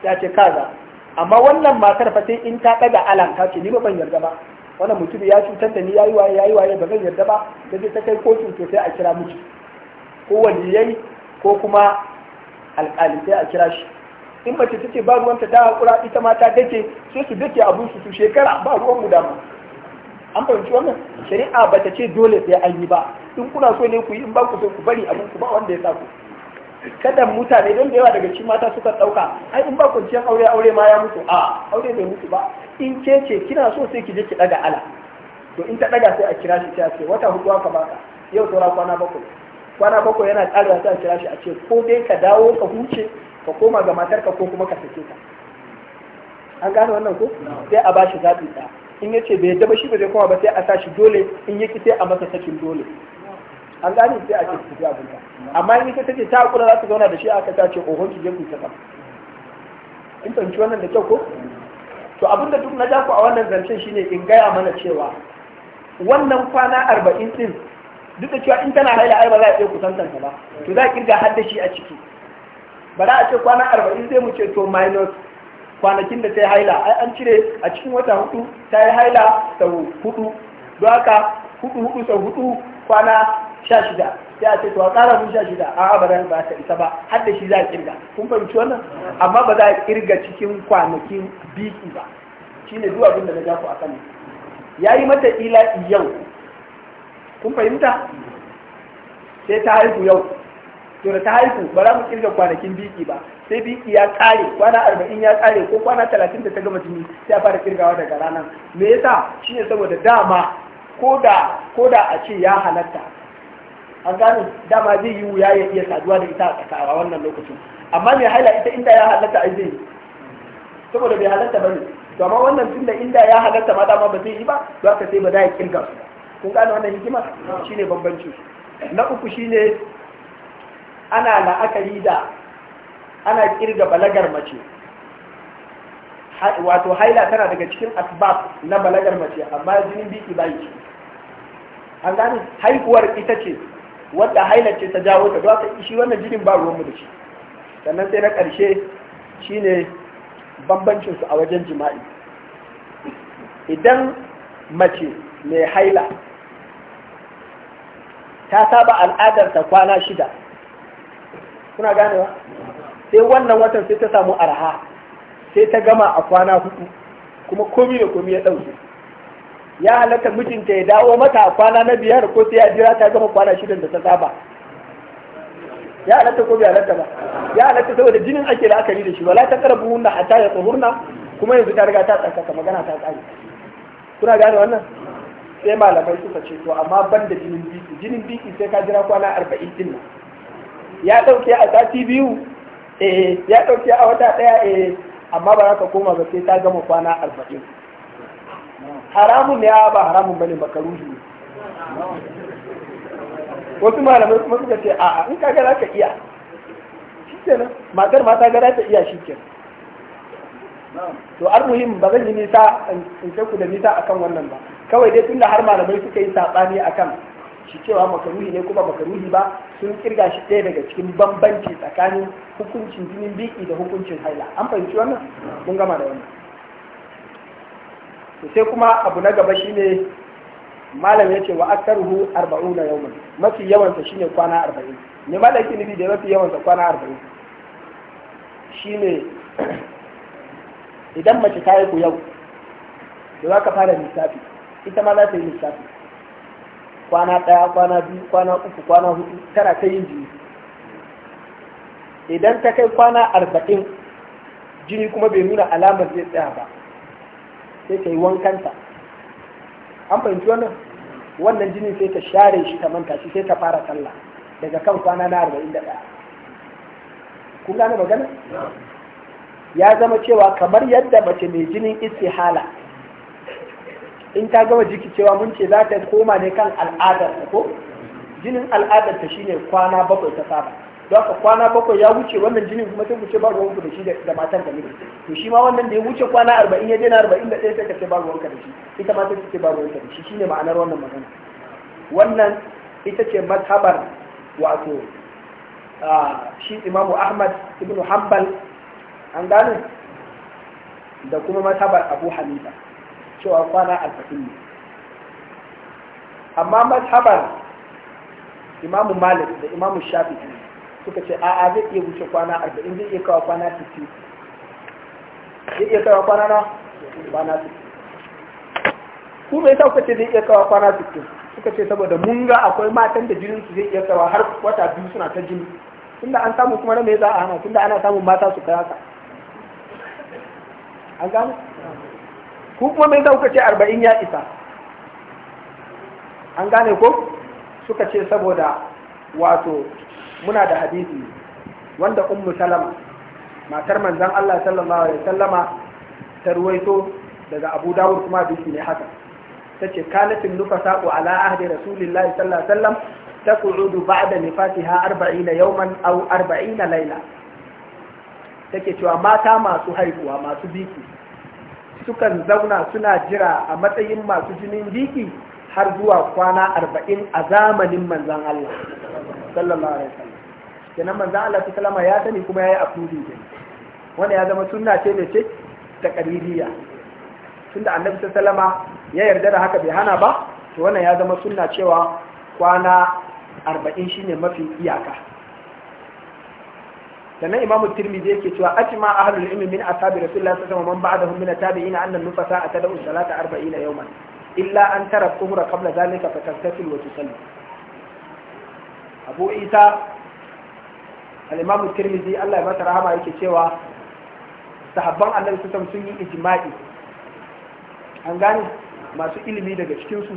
ya ce kaza amma wannan matar fa sai in ta daga alam ta ce ni ba ban yarda ba wannan mutum ya cutar da ni yayi waye yayi waye ba zan yarda ba sai ta kai kotun to sai a kira miji ko waliyai ko kuma alƙali sai a kira shi in mace ta ce ba ruwanta ta haƙura ita ma ta dace sai su dace abun su su shekara ba ruwan mu dama an fahimci wannan shari'a ba ta ce dole sai an yi ba in kuna so ne ku yi in ba ku so ku bari abin ku ba wanda ya sa ku kada mutane don da yawa daga cikin mata suka dauka, ai in ba kwanciyar aure aure ma ya mutu a aure bai mutu ba in ce ce kina so sai ki je ki daga ala to in ta ɗaga sai a kira shi ta ce wata hudu aka baka yau saura kwana bakwai kwana bakwai yana tsara sai a kira shi a ce ko dai ka dawo ka huce ka koma ga matarka ko kuma ka sake ta an gane wannan ko sai a bashi zaɓi ɗaya in yace bai yadda ba shi ba zai ba sai a sa shi dole in yaki sai a masa sakin dole an gani sai a ce su ji abinka amma in ita take ta hakura za ta zauna da shi aka ta ce ohon ki je ku saka in fahimci wannan da kyau ko to abinda duk na ku a wannan zancen shine in gaya mana cewa wannan kwana arba'in din duk da cewa in tana haila ai ba za a iya kusantanta ba to za a kirga har da shi a ciki ba za a ce kwana arba'in zai mu ce to minus kwanakin da ta yi haila ai an cire a cikin wata hudu ta yi haila sau hudu don haka hudu hudu sau hudu kwana sha shida sai a ce to a ƙara mun sha shida a abaran ba ta isa ba har da shi za a kirga kun fahimci wannan amma ba za a kirga cikin kwanakin biki ba shine duk abin da na jafu a kan ya yi mata ila yau kun fahimta sai ta haihu yau to da ta haihu ba za mu kirga kwanakin biki ba sai biki ya kare kwana arba'in ya kare ko kwana talatin da ta gama jini sai a fara kirgawa daga ranar me yasa ne saboda dama ko da a ce ya halatta an gano dama zai yi wuya ya iya saduwa da ita a tsakawa wannan lokacin amma mai haila ita inda ya halatta a zai saboda bai halatta ne. to amma wannan tunda inda ya halatta ma dama ba zai yi ba za ka sai ba da ya kirga su kun gano wannan hikima shine bambanci na uku shi ne. ana la'akari da ana kirga balagar mace wato haila tana daga cikin asbab na balagar mace amma jinin biki bai ci an gani haihuwar ita ce wadda haila ce ta jawo ta doka shi wannan jinin ba mu da shi sannan sai na ƙarshe shine bambancinsu a wajen jima'i idan mace mai haila ta saba al'adar ta kwana shida kuna ganewa sai wannan watan sai ta samu arha sai ta gama a kwana hudu kuma komi da komi ya ɗauke ya halatta mijinta ya dawo mata a kwana na biyar ko sai ya jira ta gama kwana shidan da ta saba ya halatta ko bai halatta ba ya halatta saboda jinin ake da aka yi da shi wala ta karabu hunna hatta ya tsohurna kuma yanzu ta riga ta tsakaka magana ta tsari kuna gane wannan sai malamai suka ce to amma ban da jinin biki jinin biki sai ka jira kwana arba'in din nan ya ɗauke a sati biyu eh ya ɗauke a wata ɗaya eh amma ba za ka koma ba sai ta gama kwana arba'in haramun ne ba haramun bane makaruhi ne wasu malamai kuma suka ce a'a in ga, za ka iya shi kenan matar mata ga za ta iya shi kenan to almuhim ba zan yi nisa in ku da nisa akan wannan ba kawai dai tunda har malamai suka yi saɓani akan shi cewa makaruhi ne kuma makaruhi ba sun kirga shi ɗaya daga cikin bambanci tsakanin hukuncin jinin biki da hukuncin haila an fahimci wannan mun gama da wannan sai kuma abu na gaba shine malam ya ce wa aktaruhu arba'una yawman mafi yawansa shine kwana arba'in ne malam yake nufi da mafi yawansa kwana arba'in shine idan mace ta yi ku yau da za ka fara lissafi ita ma za ta yi lissafi kwana ɗaya kwana biyu kwana uku kwana hudu tana ta yin jini idan ta kai kwana arba'in jini kuma bai nuna alamar zai tsaya ba sai ta yi wankanta an fahimci wannan wannan jini sai ta share shi ta manta shi sai ta fara sallah daga kan kwana na arba'in da ɗaya kun gane magana ya zama cewa kamar yadda mace mai jinin istihala hala in ta gama jiki cewa mun ce za ta koma ne kan al'adar ta ko jinin al'adar ta shine kwana bakwai ta saba don haka kwana bakwai ya wuce wannan jinin kuma sai ku ba ruwanku da shi da matan ka miji to shi ma wannan da ya wuce kwana arba'in ya je arba'in da ɗaya sai ka ce ba ruwanka da shi ita ma sai ce ba ruwanka da shi shine ma'anar wannan magana wannan ita ce mazhabar wato shi imamu ahmad ibn hanbal an gane da kuma mazhabar abu hanifa cewa kwana arba'in ne amma mazhabar imamu malik da imamu shafi suka ce a'a zai iya wuce kwana arba'in zai iya kawo kwana sittin zai iya kawo kwana na kwana sittin ku mai sa kuka ce zai iya kawo kwana sittin suka ce saboda mun ga akwai matan da jinin su zai iya kawo har wata biyu suna ta jini tunda an samu kuma na mai za a hana tunda ana samun mata su kaya ka an gano ku kuma mai dauka ce arba'in ya isa an gane ko suka ce saboda wato muna da hadisi wanda ummu salama matar manzan Allah sallallahu alaihi sallama ta ruwaito daga abu dawud kuma hadisi ne haka ta ce kanatin nufasa saƙo ala ahdi rasulillahi sallallahu alaihi sallam taqudu ba'da yau 40 au aw na laila take cewa mata masu haihuwa masu biki sukan zauna suna jira a matsayin masu jinin jiki har zuwa kwana arba'in a zamanin manzan Allah sallallahu alaihi wasallam kenan manzan Allah su kalama ya sani kuma ya yi afuri ne wanda ya zama sunna ce ne ce ta kaririya tunda annabi sallama ya yarda da haka bai hana ba to wannan ya zama sunna cewa kwana arba'in shine mafi iyaka sannan imamu tirmidhi yake cewa ajma ahlul ilmi min asabi rasulillah sallallahu alaihi wasallam man ba'dahum min at-tabi'in anna an-nufasa atada'u salata 40 yawman illa an tara kuhura qabla zalika fataghtasil wa tusalli Abu Isa al-Imam Tirmidhi Allah ya masa rahama yake cewa sahabban Annabi sallallahu alaihi sun yi ijma'i an gane masu ilimi daga cikin su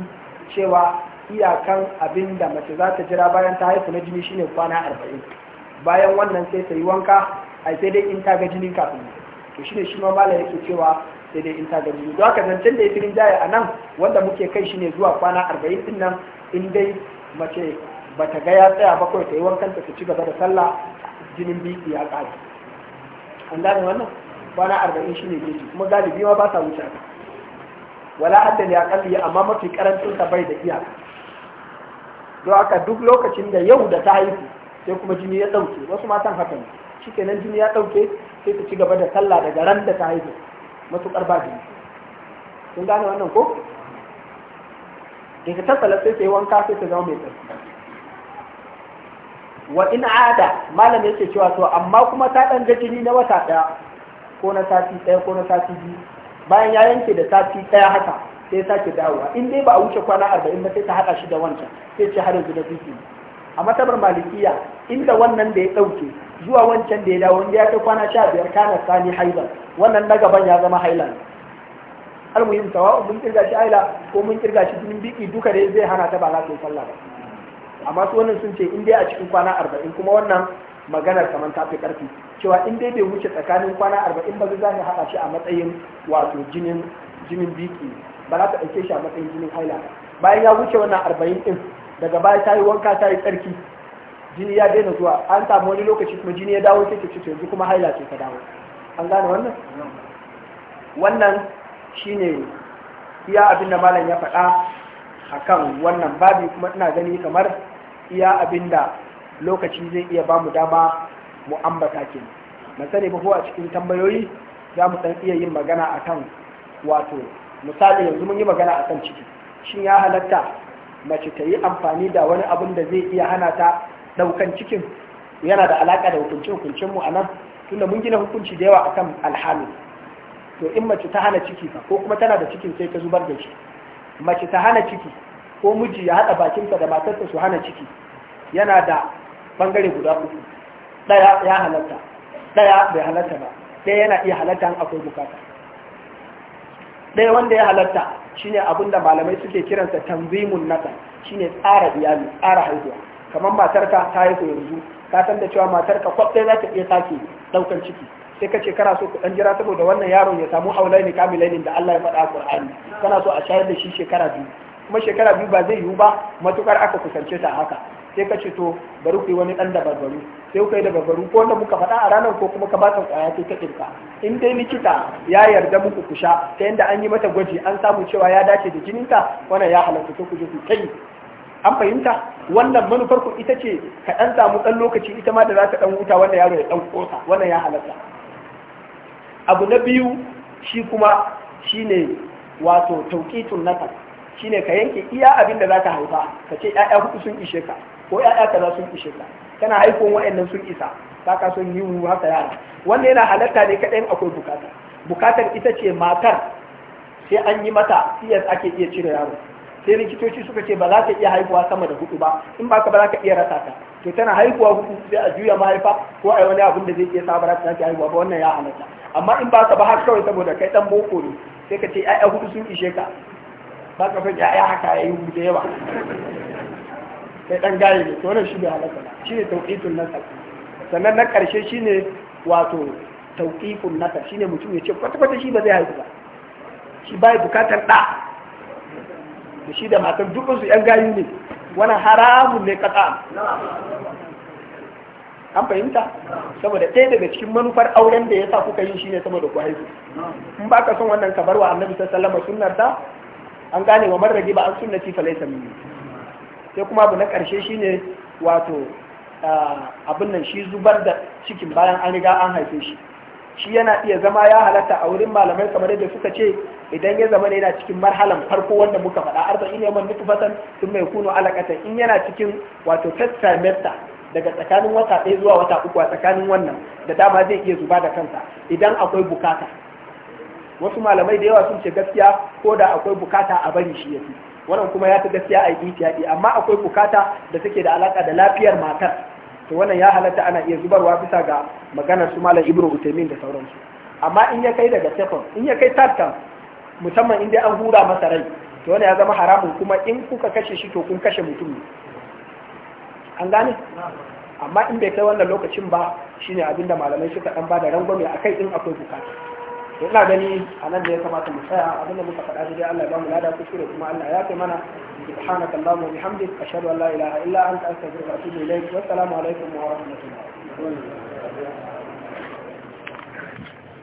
cewa iyakan abinda mace za ta jira bayan ta haifu na jini shine kwana arba'in. bayan wannan sai ta yi wanka a sai dai in ta ga jini kafin to shi ne shi ma malam yake cewa sai dai in ta ga jini don haka zancen da ya firin jaya a nan wanda muke kai shi ne zuwa kwana arba'in din nan in dai mace ba ta ga ya tsaya ba kawai ta yi wankan ta ci gaba da sallah jinin biki ya ƙare an gane wannan kwana arba'in shi ne kuma galibi ma ba sa wuce wala haddal ya kalli amma mafi karancin ta bai da iya don haka duk lokacin da yau da ta haihu sai kuma jini ya ɗauke wasu matan Shi ne shikenan jini ya ɗauke sai ta ci gaba da sallah daga ran da ta haihu matuƙar ba jini kun gane wannan ko in ka tattala sai ta yi wanka sai ta zama mai tsarki wa in ada malam yake cewa to amma kuma ta dan ga jini na wata daya ko na sati daya ko na sati biyu bayan ya yanke da sati ɗaya haka sai ya sake dawowa in dai ba a wuce kwana arba'in ba sai ta haɗa shi da wancan sai ce har yanzu da zuciya. a matabar malikiya inda wannan da ya ɗauke zuwa wancan da ya dawo wanda ya kai kwana sha biyar kana sani haila wannan na gaban ya zama hailan almuhim sawa mun kirga shi haila ko mun kirga shi jinin biki duka da zai hana ta ba za ta sallah ba amma su wannan sun ce in dai a cikin kwana arba'in kuma wannan maganar kamar ta fi karfi cewa in dai bai wuce tsakanin kwana arba'in ba za ta haɗa shi a matsayin wato jinin jinin biki ba za ta ɗauke shi a matsayin jinin haila bayan ya wuce wannan arba'in ɗin daga baya ta yi wanka ta yi tsarki jini ya daina zuwa an samu wani lokaci kuma jini ya dawo sai ta ce yanzu kuma haila ce ta dawo an gane wannan wannan shine iya abin da malam ya faɗa akan wannan babi kuma ina gani kamar iya abin da lokaci zai iya bamu dama mu ambata ke na sani ba a cikin tambayoyi za mu san iya yin magana akan wato misali yanzu mun yi magana akan ciki shin ya halatta mace ta yi amfani da wani abin da zai iya hana ta daukan cikin yana da alaka da hukunce-hukuncen mu a nan tunda mun gina hukunci da yawa a kan alhalu to in mace ta hana ciki fa ko kuma tana da cikin sai ta zubar da shi mace ta hana ciki ko miji ya haɗa bakinsa da matarsa su hana ciki yana da bangare guda uku ɗaya ya halatta ɗaya bai halatta ba ɗaya yana iya halatta an akwai bukata ɗaya wanda ya halatta shine abin da malamai suke kiransa tanzimun nasa ne tsara iyali tsara haihuwa kamar matarka ta haihu yanzu ka san da cewa matarka kwaf ɗaya za ta iya sake ɗaukan ciki sai ka ce kana so ku ɗan jira saboda wannan yaron ya samu aulaini kamilaini da Allah ya faɗa a Qur'ani kana so a shayar da shi shekara biyu kuma shekara biyu ba zai yiwu ba matukar aka kusance ta haka sai ka ce to bari ku yi wani ɗan dabarbaru sai kai yi da babbaru ko wanda muka faɗa a ranar ko kuma ka ba ta kwaya ce ta kirka in dai likita ya yarda muku ku sha ta yadda an yi mata gwaji an samu cewa ya dace da jininta wannan ya halatta ta ku je ku kai an fahimta wannan manufar ku ita ce ka ɗan samu ɗan lokaci ita ma da za ta ɗan huta wannan yaro ya ɗan kosa wannan ya halatta abu na biyu shi kuma shine wato tauƙitun nakal shine ka yanke iya abin da za ka haifa ka ce 'ya'ya hudu sun ishe ka ko 'ya'ya kaza sun ishe ka kana haifon wa'annan sun isa ba ka son yiwu haka yara wannan yana halatta ne kaɗai akwai bukata bukatar ita ce matar sai an yi mata siyas ake iya cire yaro sai likitoci suka ce ba za ta iya haihuwa sama da hudu ba in ba ka ba za ka iya rasa ta to tana haihuwa hudu sai a juya mahaifa ko a yi wani abin da zai iya sa ba za ta sake haihuwa ba wannan ya halatta amma in ba ka ba har kawai saboda kai dan boko ne sai ka ce ya'ya hudu sun ishe ka ba ka son ya'ya haka ya yi da yawa kai dan gaye ne to wannan shi bai halaka shi shine tauqitun nasab sannan na karshe shine wato tauqifun nasab shine mutum ya ce kwata kwata shi ba zai haihu ba shi bai bukatar da da shi da matan dukkan su yan gayu ne wannan haramun ne kasa an fahimta saboda ɗaya daga cikin manufar auren da ya sa kuka yi shine saboda ku haihu in ba ka son wannan ka bar wa annabi sallallahu alaihi wasallam sunnar ta an gane wa man ba an sunnati fa laysa minni sai kuma abu na ƙarshe shi ne wato abin nan shi zubar da cikin bayan an riga an haife shi shi yana iya zama ya halatta a wurin malamai kamar da suka ce idan ya zama yana cikin marhalan farko wanda muka faɗa arziki ne man nufi fatan sun mai kuno alaƙatan in yana cikin wato tetrameter daga tsakanin wata ɗaya zuwa wata uku a tsakanin wannan da dama zai iya zuba da kansa idan akwai bukata wasu malamai da yawa sun ce gaskiya ko da akwai bukata a bari shi ya fi wannan kuma ya fi gaskiya a yi ihtiyadi amma akwai bukata da take da alaka da lafiyar matar to wannan ya halatta ana iya zubarwa bisa ga maganar su malam ibnu utaimin da sauransu amma in ya kai daga second in ya kai Tartan, musamman in dai an hura masa rai to wannan ya zama haramun kuma in kuka kashe shi to kun kashe mutum ne an gane amma in bai kai wannan lokacin ba shine abinda malamai suka dan da rangwame akai in akwai bukata ina gani a nan da ya kamata mu tsaya abin da muka faɗa da dai Allah ya bamu lada kuskure kuma Allah ya kai mana subhanaka allahumma wa bihamdik ashhadu an la ilaha illa anta astaghfiruka wa atubu ilaik wa assalamu alaikum wa rahmatullahi